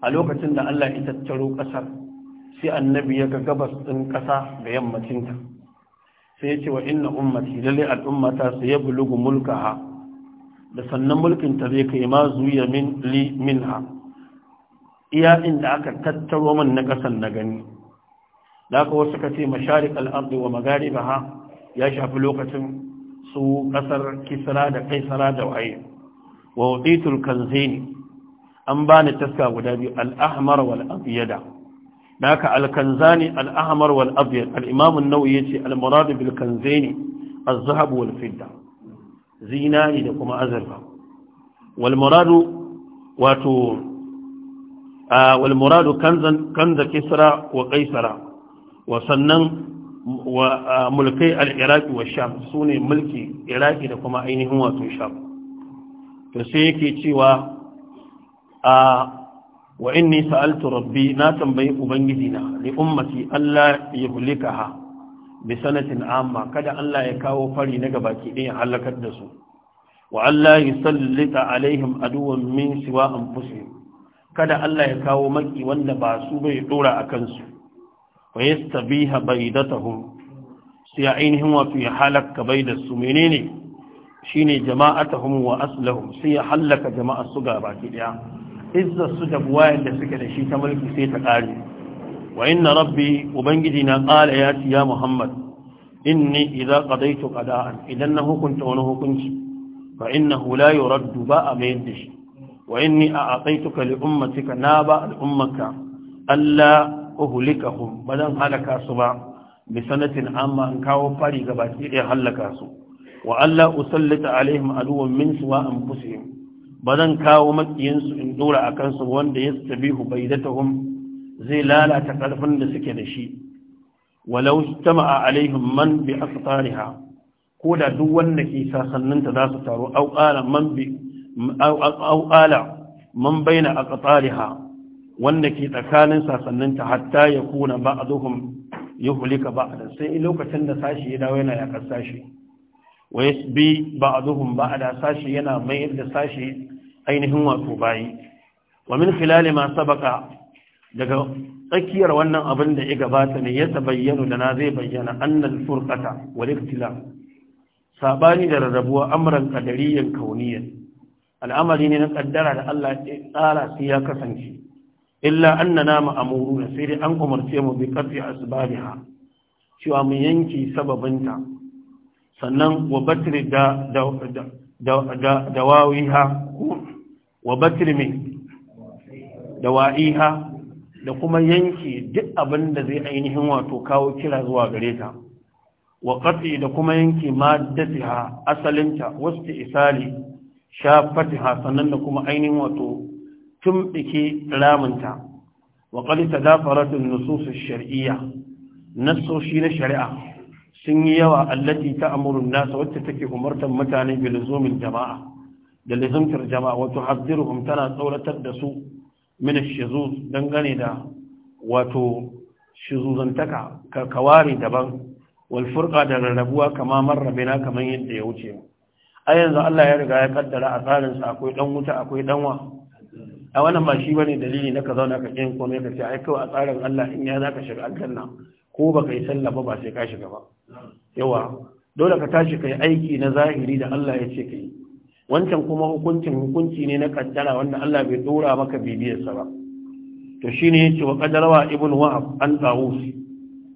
a lokacin da Allah ya tattaro ƙasar sai annabi ya ga gabas ɗin ƙasa da yammacinta. sai ya ce wa inna ummati lalle al'ummata sayablugu mulkaha da sannan mulkin ta zai kai ma zuya min li minha iya inda aka tattaro man na ƙasan na gani da aka wasu ka ce masharik al'abdu wa ha ya shafi lokacin su ƙasar kisra da kaisara da waye wa wutsitul kanzini an ba ni taska guda biyu al'ahmar wal abiyada da aka alkanzani al'ahmar wal abiyad al'imamun nau ya ce al-muradu bil kanzini zahabu wal fidda zinari da kuma azurfa wal muradu wato A walmuradu kanzan kanza kisra wa Kaisara wa sannan wa mulkai al wa sham sune mulki iraƙi da kuma ainihin wato sham to sai yake cewa a wa inni sa'altu rabbi na tambayi ubangiji na li ummati Allah yuhlikaha bi sanatin amma kada Allah ya kawo fari naga baki din ya halakar da su wa Allah yusallita alaihim aduwan min siwa anfusihim kada Allah ya kawo maki wanda ba su bai dora a kansu wa yastabiha baidatahum sai ainihin wato ya halaka baidar su menene shine jama'atuhum wa aslahum sai ya halaka jama'ar su ga baki ɗaya. izza su da buwayen da suke da shi ta mulki sai ta kare wa inna rabbi ubangiji na ƙala ya ya muhammad inni idza qadaytu qada'an idan na hukunta wani hukunci fa hula la yuraddu ba a mayar da shi wa inni a aqaituka li na ba al'ummaka Allah uhlikahum ba zan halaka su ba bi sanatin amma an kawo fari ga baki ɗaya halaka su wa Allah usallita alaihim aduwan min suwa anfusihim ba zan kawo makiyansu in dora a kansu wanda ya tabihu baidatahum zai lalata ƙarfin da suke da shi walau tama'a alaihim man bi aqtariha ko da duk wanda ke sasanninta za su taru au qala man bi au'ala man baina a ƙatsariha wanda ke tsakanin sasanninta hatta ya kuna ba a zuhun yi hulika ba a sai lokacin da sashi ya dawo yana yaƙar sashi wai bi ba a zuhun ba a da sashi yana mayar da sashi ainihin wato bayi wa min filali ma sabaka daga tsakiyar wannan abin da ya gabata ne ya bayyana da na zai bayyana annal furqata wal ikhtilaf sabani da rarrabuwa amran qadariyyan kauniyyan al'amari ne na kaddara da Allah ya tsara sai ya kasance illa an annana ma'amuruna sai dai an umarce mu bi qat'i ha. cewa mu yanki sababinta sannan wa batiri da da wa batiri min da ha, da kuma yanki duk abin da zai ainihin wato kawo kira zuwa gare ta wa da kuma yanki ha asalinta wasu isali sha fatiha sannan da kuma ainihin wato tumɗike ramunta wa ƙalita dafaratun nususun shari'iyya nassoshi na shari'a sun yi yawa allati ta amurin nasa wacce take umartar mutane bi jama'a da lizumtar jama'a wato haddiruhum tana tsoratar da su min shizuz dangane da wato shizuzantaka ka kawari daban wal furqa da rarrabuwa kama marrabina kaman yadda ya wuce mu a yanzu Allah ya riga ya kaddara a tsarinsa akwai dan wuta akwai dan wa a wannan ba shi bane dalili na ka zauna ka kin komai ka ce ai kawai a tsarin Allah in ya zaka shiga aljanna ko ba kai sallah ba sai ka shiga ba yawa dole ka tashi kai aiki na zahiri da Allah ya ce kai wancan kuma hukuncin hukunci ne na kaddara wanda Allah bai dora maka bibiyarsa ba to shine yace wa kadarwa ibnu wahab an tawus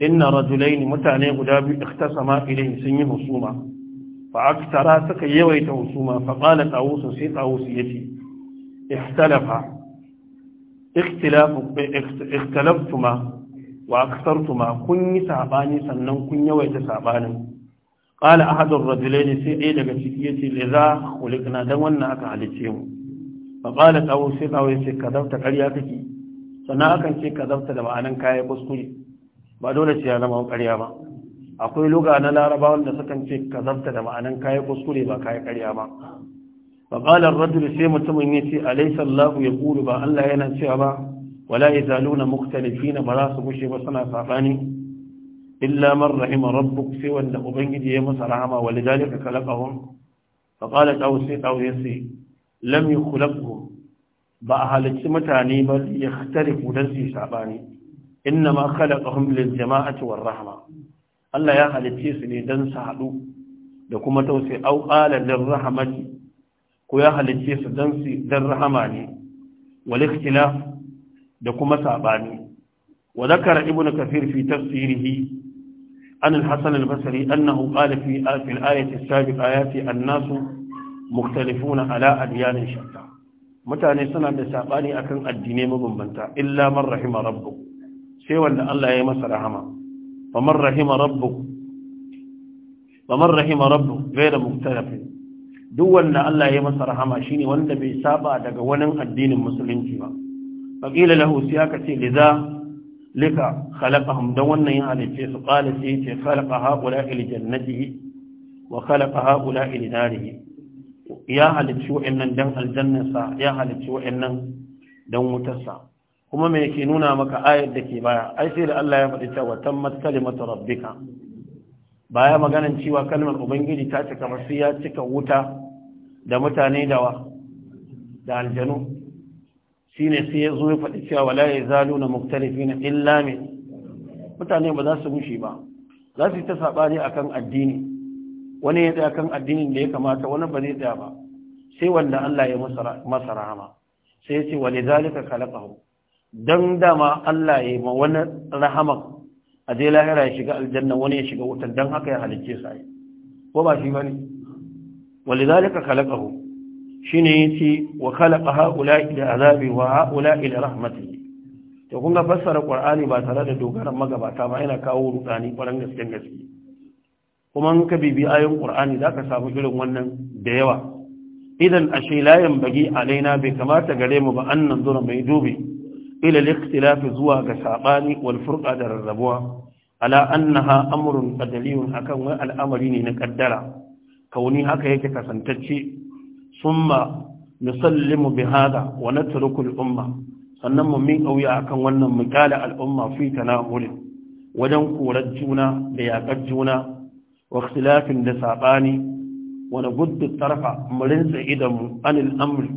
inna rajulaini mutane guda biyu ikhtasama ilayhi sun yi husuma fa aktara suka yawaita husuma fa qala tawusu sai tawusu yace ikhtalafa ikhtilafu ikhtalaftuma wa akthartuma kun yi sabani sannan kun yawaita sabanin qala ahadur rajulaini sai ɗaya daga ciki yace liza khuliqna dan wannan aka halice mu fa qala tawusu sai tawusu yace kadafta ƙarya kake sannan akan ce kadafta da ma'anan kaya kuskure ba dole ce ya zama ƙarya ba akwai luga na laraba wanda sukan ce ka da ma'anan kayi kuskure ba kayi karya ba fa qala ar-rajul sai mutumin yace alaysa Allah yaqulu ba Allah yana cewa ba wala yazaluna mukhtalifina ba za su bushe ba suna sabani illa man rahima rabbuk sai wanda ubangiji ya masa rahama walidalika khalaqahum fa qala taw sai lam yukhlaqhum ba a halicci mutane ba ya dan su sabani inna ma khalaqahum lil jama'ati war rahma Allah ya halicce su ne don su haɗu da kuma tausayi au don lir ko ya halicce su don su dan rahama ne wal da kuma saɓani. wa zakara ibnu kafir fi tafsirihi عن Annahu البصري أنه قال في في الآية السابقة آياتي الناس مختلفون على أديان شتى mutane suna da saɓani akan addinai mabambanta illa man rahima rabbuk sai wanda Allah ya masa rahama faman rahima rabbu faman rahima rabbu gaira muktarafi duk wanda Allah ya masa rahama shine wanda bai saba daga wani addinin musulunci ba faqila lahu sai aka ce liza lika khalaqahum dan wannan ya halice su qala sai ce khalaqa haula ila jannatihi wa khalaqa haula ila narihi ya halice wa'annan dan aljannasa ya halice wa'annan dan wutarsa kuma me ke nuna maka ayar da ke baya ai sai da Allah ya faɗi cewa tammat kalimatu rabbika baya maganan cewa kalmar ubangiji ta cika masu ya cika wuta da mutane da wa da aljanu shine sai ya zo ya faɗi cewa wala yazaluna muktalifina illa min mutane ba za su mushi ba za su yi ta saɓani a kan addini wani ya tsaya kan addinin da ya kamata wani ba zai tsaya ba sai wanda Allah ya masa rahama sai ya ce wa zalika khalaqahu don dama Allah ya yi ma wani rahama a je lahira ya shiga aljanna wani ya shiga wutar don haka ya halicce sa yi ko ba shi bane wali zalika khalaqahu shine yace wa khalaqa haula ila azabi wa haula ila rahmati to kun ga fassara qur'ani ba tare da dogaran magabata ba yana kawo rudani ƙwarar gaskiyar gaske kuma in ka bibi ayoyin qur'ani zaka samu irin wannan da yawa idan ashe la yanbaghi alaina bai kamata gare mu ba annan nanzura mai dubi ila liktilafi zuwa ga saɓani wal furqa da rarrabuwa ala annaha amrun qadariyun akan wani al'amari ne na kaddara kauni haka yake kasantacce summa nusallimu bi hada wa natruku al umma sannan mu min auya akan wannan muqala al umma fi tanamul wajen korar juna da yaƙar juna wa ikhtilafin da saɓani wa naguddu tarfa mu rinsa idan anil amri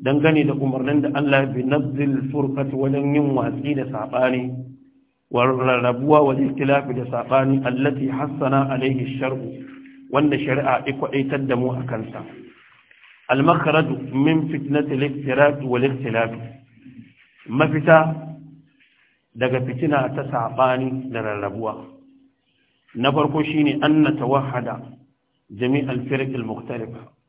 dangane da umarnin da Allah bi nazil furqat wajen yin watsi da saɓani, wa rarrabuwa wa ikhtilafi da sabani allati hassana alaihi shar'u wanda shari'a ikwaitar da mu a sa al makhraj min fitnati al ikhtilaf wal ikhtilaf mafita daga fitina ta saɓani da rarrabuwa na farko shine an natawahada jami'al firq al mukhtalifa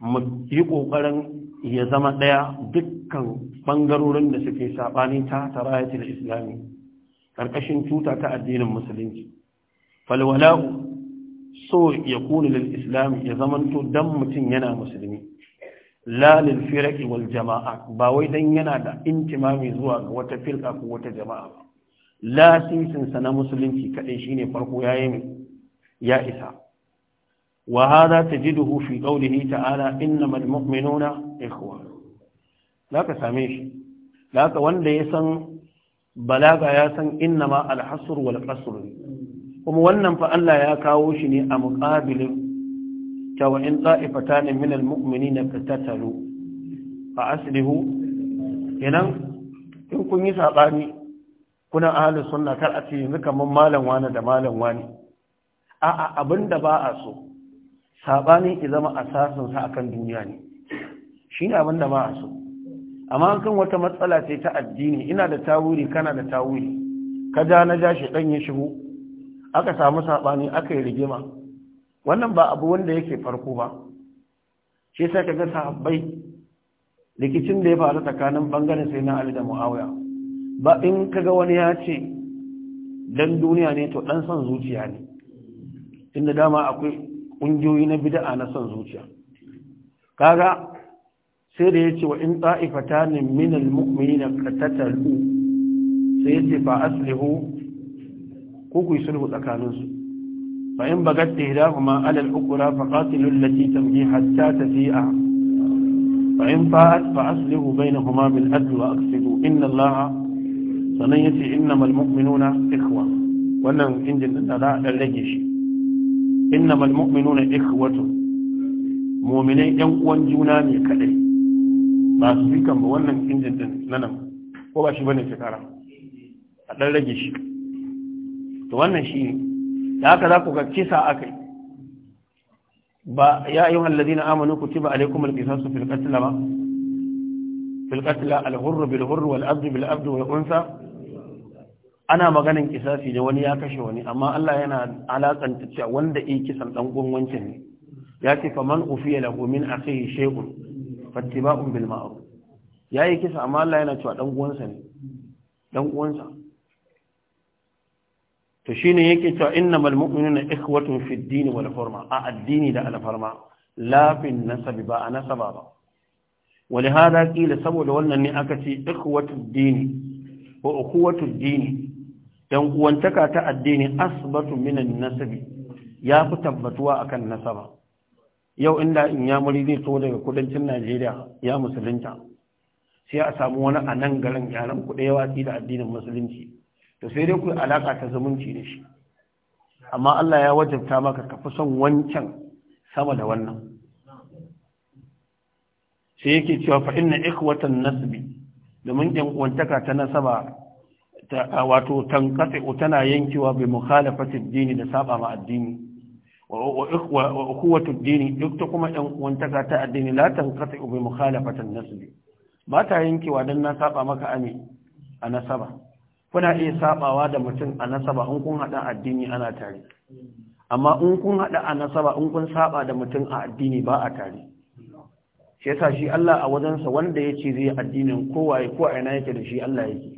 mu yi ƙoƙarin ya zama ɗaya dukkan ɓangarorin da suke saɓani ta tarayatul islami ƙarƙashin tuta ta addinin musulunci falwala'u so ya kuni lil islam ya zamanto dan mutum yana musulmi Lalil lil wal jama'a ba wai dan yana da intimami zuwa ga wata firqa ko wata jama'a ba lasisin sa na musulunci kadai shine farko yayi ya isa وهذا تجده في قوله تعالى إنما المؤمنون إخوة لا تساميش لا تون ليسن بلاغ ياسن إنما الحصر والقصر ومولنا فألا يكاوشني أمقابل وإن طائفتان من المؤمنين اقتتلوا فأسله إنه إن كن يسعقاني kuna ahalin sunna kar a ce yanzu kaman malam wani da malam wani a'a abin da ba a so sabanin ya zama asasin sa akan duniya ne Shi ne abin da ba a so amma kan wata matsala ce ta addini ina da tawuri kana da tawuri ka ja na ja shi dan ya shigo aka samu sabani aka yi rigima wannan ba abu wanda yake farko ba shi sai ga sahabbai rikicin da ya faru tsakanin bangaren sai na Ali da Muawiya ba in ka ga wani ya ce dan duniya ne to dan son zuciya ne inda dama akwai ƙungiyoyi na bid'a na son zuciya kaga sai da yace wa in ta'ifatan min almu'minina qatatalu sai yace fa aslihu ku ku sulhu tsakanin su fa in bagat ihdahuma ala al-ukra fa qatilu allati tamji hatta a fa in fa'at fa aslihu kuma bil adl a aqsidu inna allaha sanan yace innamal mu'minuna Ikwa wannan injin da za a dan rage shi innamal mu'minuna ikhwatu mu'minai yan uwan juna ne kadai ba su fi kan ba wannan injin din nan ko ba shi bane shekara a dan rage shi to wannan shi da haka za ku ga kisa akai ba ya ayyuhal ladina amanu kutiba alaykumul qisasu fil qatl fil qatl al hurr bil hurr wal abd bil abd wal unsa ana maganin kisasi da wani ya kashe wani amma Allah yana alakanta cewa wanda yi kisan dan wancan ne ya ce fa man ufiya lahu min akhihi shay'un fattiba'un bil ma'ruf yayi kisa amma Allah yana cewa dan uwansa ne dan uwansa to shine yake cewa innamal mu'minuna ikhwatun fid din wal farma a addini da al farma la fin nasabi ba a nasaba ba wani hada kila saboda wannan ne aka ce ikhwatun dini ko ikhwatun dini dan uwantaka ta addini asbatu minan nasabi ya fi tabbatuwa akan nasaba yau inda in ya muri zai daga kudancin Najeriya ya musulunta sai a samu wani anan nan garin yaran kuɗe watsi da addinin musulunci to sai dai ku alaka ta zumunci da shi amma Allah ya wajabta maka ka fi son wancan sama da wannan sai yake cewa fa inna watan nasbi domin yan uwantaka ta nasaba wato tankasi tana yankewa bi mukhalafati dini da saba ma addini wa quwwatu dini duk ta kuma ɗan uwantaka ta addini la tankasi bi mukhalafati nasbi ba ta yankewa dan na saba maka ami a nasaba kuna iya sabawa da mutum a nasaba in kun hada addini ana tare amma in kun hada a nasaba in kun saba da mutum a addini ba a tare shi yasa shi Allah a wajensa wanda ya zai addinin kowaye ko a ina yake da shi Allah yake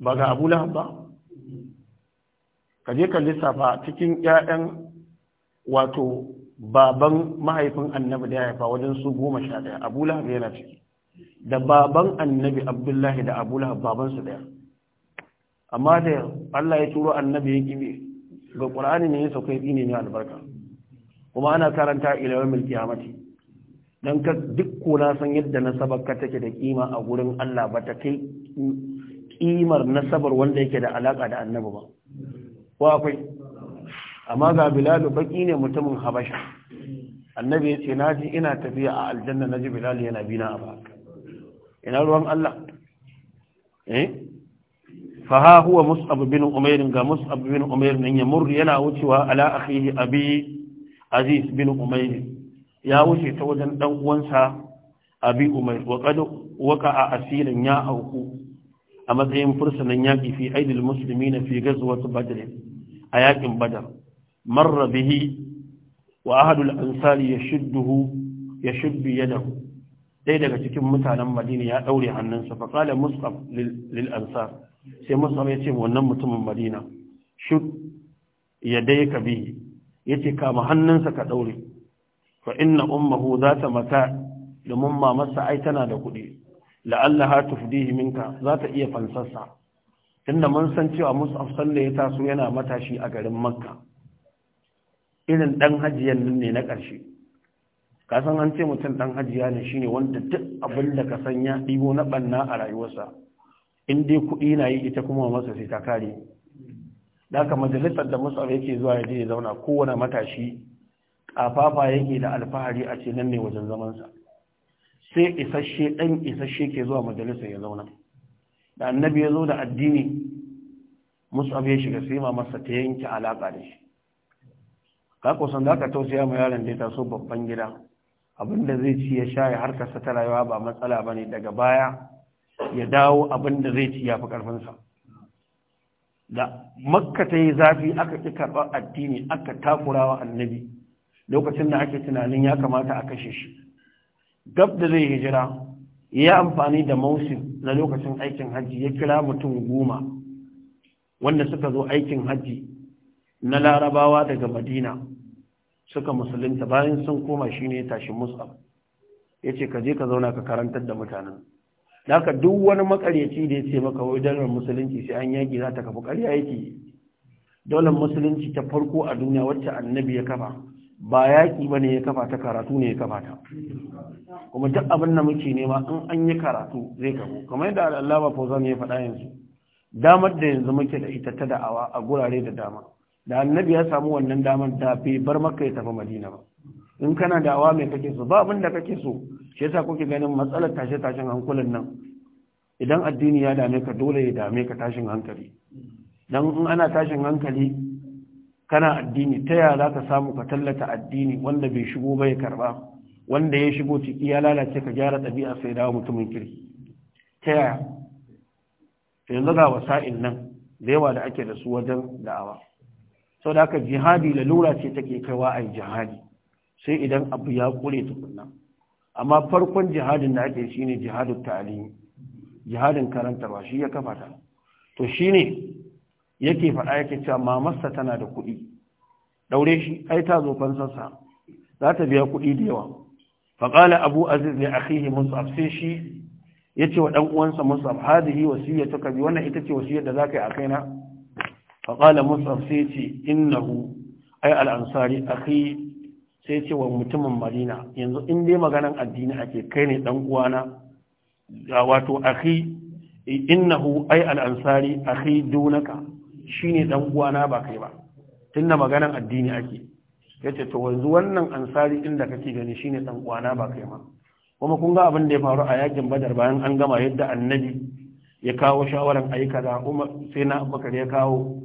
ba ga abu lahab ba kaje ka lissafa cikin 'ya'yan wato baban mahaifin annabi da ya haifa wajen su goma sha ɗaya abu lahab yana ciki da baban annabi abdullahi da abu lahab su ɗaya amma da allah ya turo annabi ya bi. ga ƙur'ani ne ya sauka ya ne albarka kuma ana karanta ilawar milki amati don ka duk kuna san yadda nasabar ka take da kima a gurin allah ba ta kai kimar nasabar wanda yake da alaka da annabi ba ko akwai amma ga bilalu baki ne mutumin habasha annabi yace ji ina tafiya a aljanna ji bilal yana bina a baka ina ruwan Allah eh fa ha huwa mus'ab bin umair ga mus'ab bin umair nan ya murri yana wucewa ala akhihi abi aziz bin umair ya wuce ta wajen dan uwansa abi umair wa qad waqa'a asilan ya auku a matsayin fursunan yaƙi fi aidil musulmi na fi gazuwatu badr a yaƙin badar marra bihi wa ahadul ansari ya shudduhu ya shuddu yadahu ɗaya daga cikin mutanen madina ya ɗaure hannunsa fa qala mus'ab lil ansar sai mus'ab ya ce wannan mutumin madina shud ka bihi yace kama hannunsa ka ɗaure fa inna za zata mata domin mamarsa ai tana da kuɗi la'allaha tufdihi minka za ta iya fansarsa tunda mun san cewa mus'af sallah ya taso yana matashi a garin makka irin dan hajiyan nan ne na ƙarshe ka san an ce mutum dan hajiya ne shine wanda duk abin da ka san ya na banna a rayuwarsa in dai kuɗi na yi ita kuma masa sai ta kare da haka majalisar da mus'af yake zuwa ya je ya zauna kowane matashi kafafa yake da alfahari a ce nan ne wajen zaman sa sai isasshe ɗan isasshe ke zuwa majalisa ya zauna da annabi ya zo da addini musab ya shiga sai masa ta yanke alaƙa da shi ka kusan za ka tausaya ma yaron da ya taso babban gida abin da zai ci ya sha ya harkarsa ta rayuwa ba matsala ba ne daga baya ya dawo abin da zai ci ya fi ƙarfinsa da makka ta yi zafi aka ƙi karɓar addini aka takurawa annabi lokacin da ake tunanin ya kamata a kashe shi gab da zai hijira ya amfani da mausin na lokacin aikin hajji ya kira mutum goma wanda suka zo aikin hajji na larabawa daga madina suka musulunta bayan sun koma shi ne tashin musab ya ce ka je ka zauna ka karantar da mutanen haka duk wani makaryaci da ya ce maka wai dalar musulunci sai an yaki za ta kafa ƙarya yake dole musulunci ta farko a duniya wacce annabi ya kafa ba yaƙi ba ne ya kafa ta karatu ne ya kafa ta kuma duk abin da muke nema in an yi karatu zai kamo kamar yadda Allah ba fauzan ya faɗa yanzu damar da yanzu muke da ita ta da'awa a gurare da dama da annabi ya samu wannan damar da fi bar maka ya tafi madina ba in kana da'awa mai kake so ba abin da kake so shi yasa kuke ganin matsalar tashe-tashen hankulan nan idan addini ya dame ka dole ya dame ka tashin hankali dan in ana tashin hankali kana addini ta ya za ka samu ka tallata addini wanda bai shigo bai karba wanda ya shigo ciki ya lalace ka gyara ɗabi'a sai dawo mutumin kirki ta yaya yanzu ga wasa'in nan da yawa da ake da su wajen da'awa sau da aka jihadi lalura ce take kaiwa a yi jihadi sai idan abu ya kure tukunna amma farkon jihadin da ake shine jihadin ta'alimi jihadin karantarwa shi ya kafa ta to shine yake faɗa yake cewa mamarsa tana da kuɗi daure shi ai ta zo fansarsa za ta biya kuɗi da yawa faƙala abu aziz li akhihi musab sai shi ce wa ɗan'uwansa uwansa musab hadihi wasiyatuka wannan ita ce wasiyar da ka yi a kaina faƙala musab sai ce innahu ai al'ansari akhi sai ce wa mutumin marina yanzu in dai maganan addini ake kai ne dan'uwana uwana wato akhi innahu ai al'ansari ansari akhi dunaka shine dan uwana ba kai ba tunda maganan addini ake yace to wanzu wannan ansari din da kake gani shine dan uwana ba kai ma kuma kun ga abin da ya faru a yakin badar bayan an gama yadda annabi ya kawo shawaran ayi kaza umar sai na abubakar ya kawo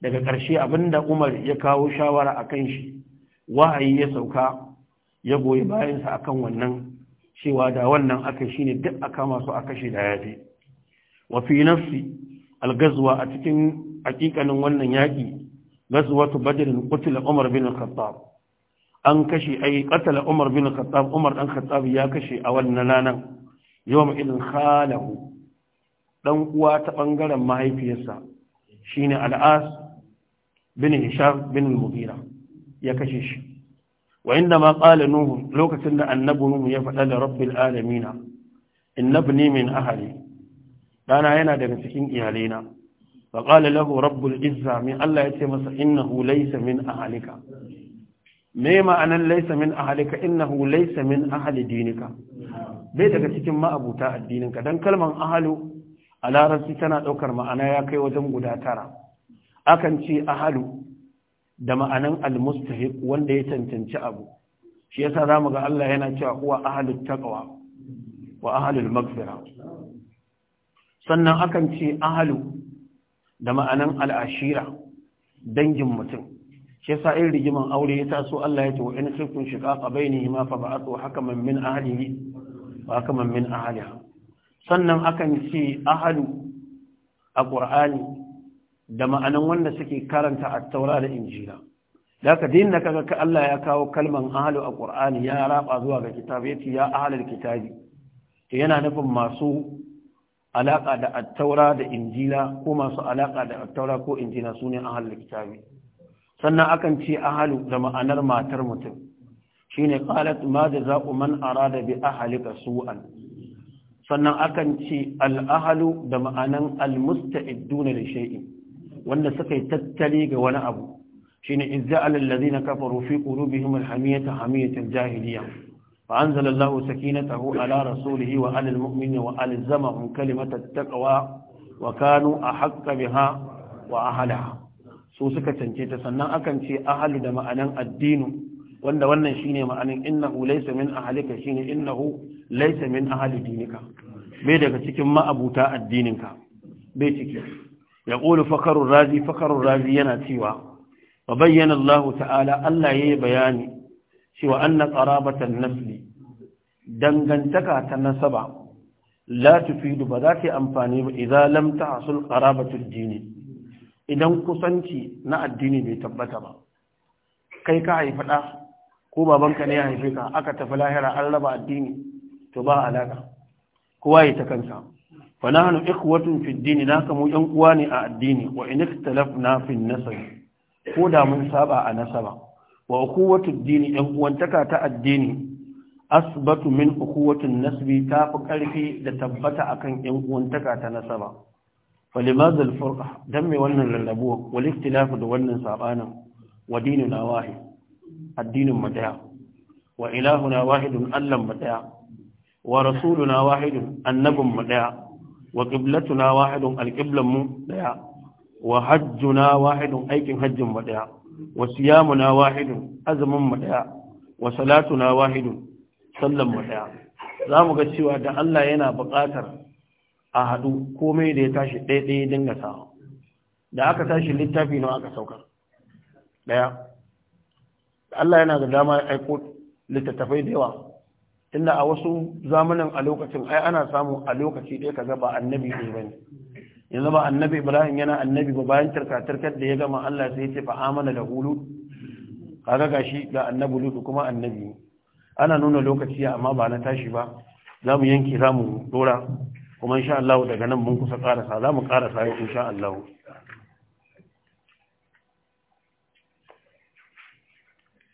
daga ƙarshe da umar ya kawo shawara akan shi wahayi ya sauka ya goyi bayansa akan wannan cewa da wannan aka shi ne duk aka masu aka shi da yafi wafi nafsi algazwa a cikin hakikanin wannan yaƙi gazwatu badrin qutila umar bin al-khattab an kashe ai katala umar bin al-khattab umar dan khattab ya kashe a wannan ranan yawm irin khalahu dan uwa ta bangaren mahaifiyarsa shine al-as bin hisham bin al-mughira ya kashe shi wa inda ma qala nuhu lokacin da annabi nuhu ya faɗa da rabbil alamin ne min ahli dana yana daga cikin iyalena فقال له رب العزة من الله يتمس إنه ليس من أهلك ميما أنا ليس من أهلك إنه ليس من أهل دينك بيتك تكن ما أبو تاء دينك دان كلمة أهل على رأسي تنا أكر ما أنا ياكي وجم قدا ترى أكن شي أهل دم أنا المستحق وان ديتن تنشأبو شيء سلامك الله هنا هو أهل التقوى وأهل المغفرة sannan akan ce ahalu da ma'anan al'ashira dangin mutum shi yasa in rigiman aure ya taso Allah ya ce shiga in bai shiqaqa bainihima fa ba'athu hakaman min ahlihi wa hakaman min ahliha sannan akan ce ahalu a ƙur'ani da ma'anan wanda suke karanta a taura da injila da ka dinna kaga ka Allah ya kawo kalman ahalu a ƙur'ani ya raba zuwa ga kitabi yace ya ahlul kitabi to yana nufin masu alaƙa da attaura da injila ko masu alaƙa da attaura ko injila su ne ahalul kitabi sannan akan ce ahalu da ma'anar matar mutum shine qalat ma jazaa'u man arada bi ahlika su'an sannan akan ce al da ma'anan al musta'iduna da shai'i wanda suka yi tattali ga wani abu shine izza'al alladhina kafaru fi qulubihim al hamiyata hamiyatal jahiliya. فأنزل الله سكينته على رسوله وعلى المؤمن وألزمهم كلمة التقوى وكانوا أحق بها وأهلها سوسكة تنجيت سنة أكن شيء أهل دم أنا الدين wanda wannan shine ma'anin innahu laysa min ahlika shine innahu laysa min ahli dinika bai daga cikin ma'abuta addininka bai ciki ya qulu fakarur razi fakarur razi yana cewa wa bayyanallahu ta'ala Allah yayi bayani cewa anna qarabatan nasli dangantaka ta nasaba la tufidu ba za ta yi amfani ba idan lam tahsul qarabatul dini idan kusanci na addini bai tabbata ba kai ka haifi ɗa ko babanka ne ya haife ka aka tafi lahira an raba addini to ba alaka kowa ya ta kansa fa nahnu ikhwatun fi dini naka mu yan uwa ne a addini wa in na fi nasab ko da mun saba a nasaba wa ukuwatud dini yan uwantaka ta addini asbatu min ukuwatin nasbi ta fi ƙarfi da tabbata akan yan uwantaka ta nasaba falimadha alfurqa dan me wannan lallabuwa wal ikhtilafu da wannan sabanin wa dinuna wahid addinin mu daya wa ilahuna wahidun allan mu daya wa rasuluna wahidun annabun mu daya wa qiblatuna wahidun alqiblan mu daya wa hajjuna wahidun aikin hajjin mu daya wa na wahidun azumin mu daya wa na wahidun sallan mu daya zamu ga cewa da Allah yana buƙatar a haɗu komai da ya tashi ɗaya ɗaya dinga sawa da aka tashi littafi nawa aka saukar ɗaya Allah yana da dama ya aiko littattafai da yawa tunda a wasu zamanin a lokacin ai ana samu a lokaci ɗaya kaga ba annabi ɗaya bane yanzu ba annabi ibrahim yana annabi ba bayan tarkatarkar da ya gama allah sai ce fa amana da hulu kaga gashi ga annabi lutu kuma annabi ana nuna lokaci amma ba na tashi ba za mu yanke za mu dora kuma insha Allah daga nan mun kusa karasa za mu karasa yau insha Allah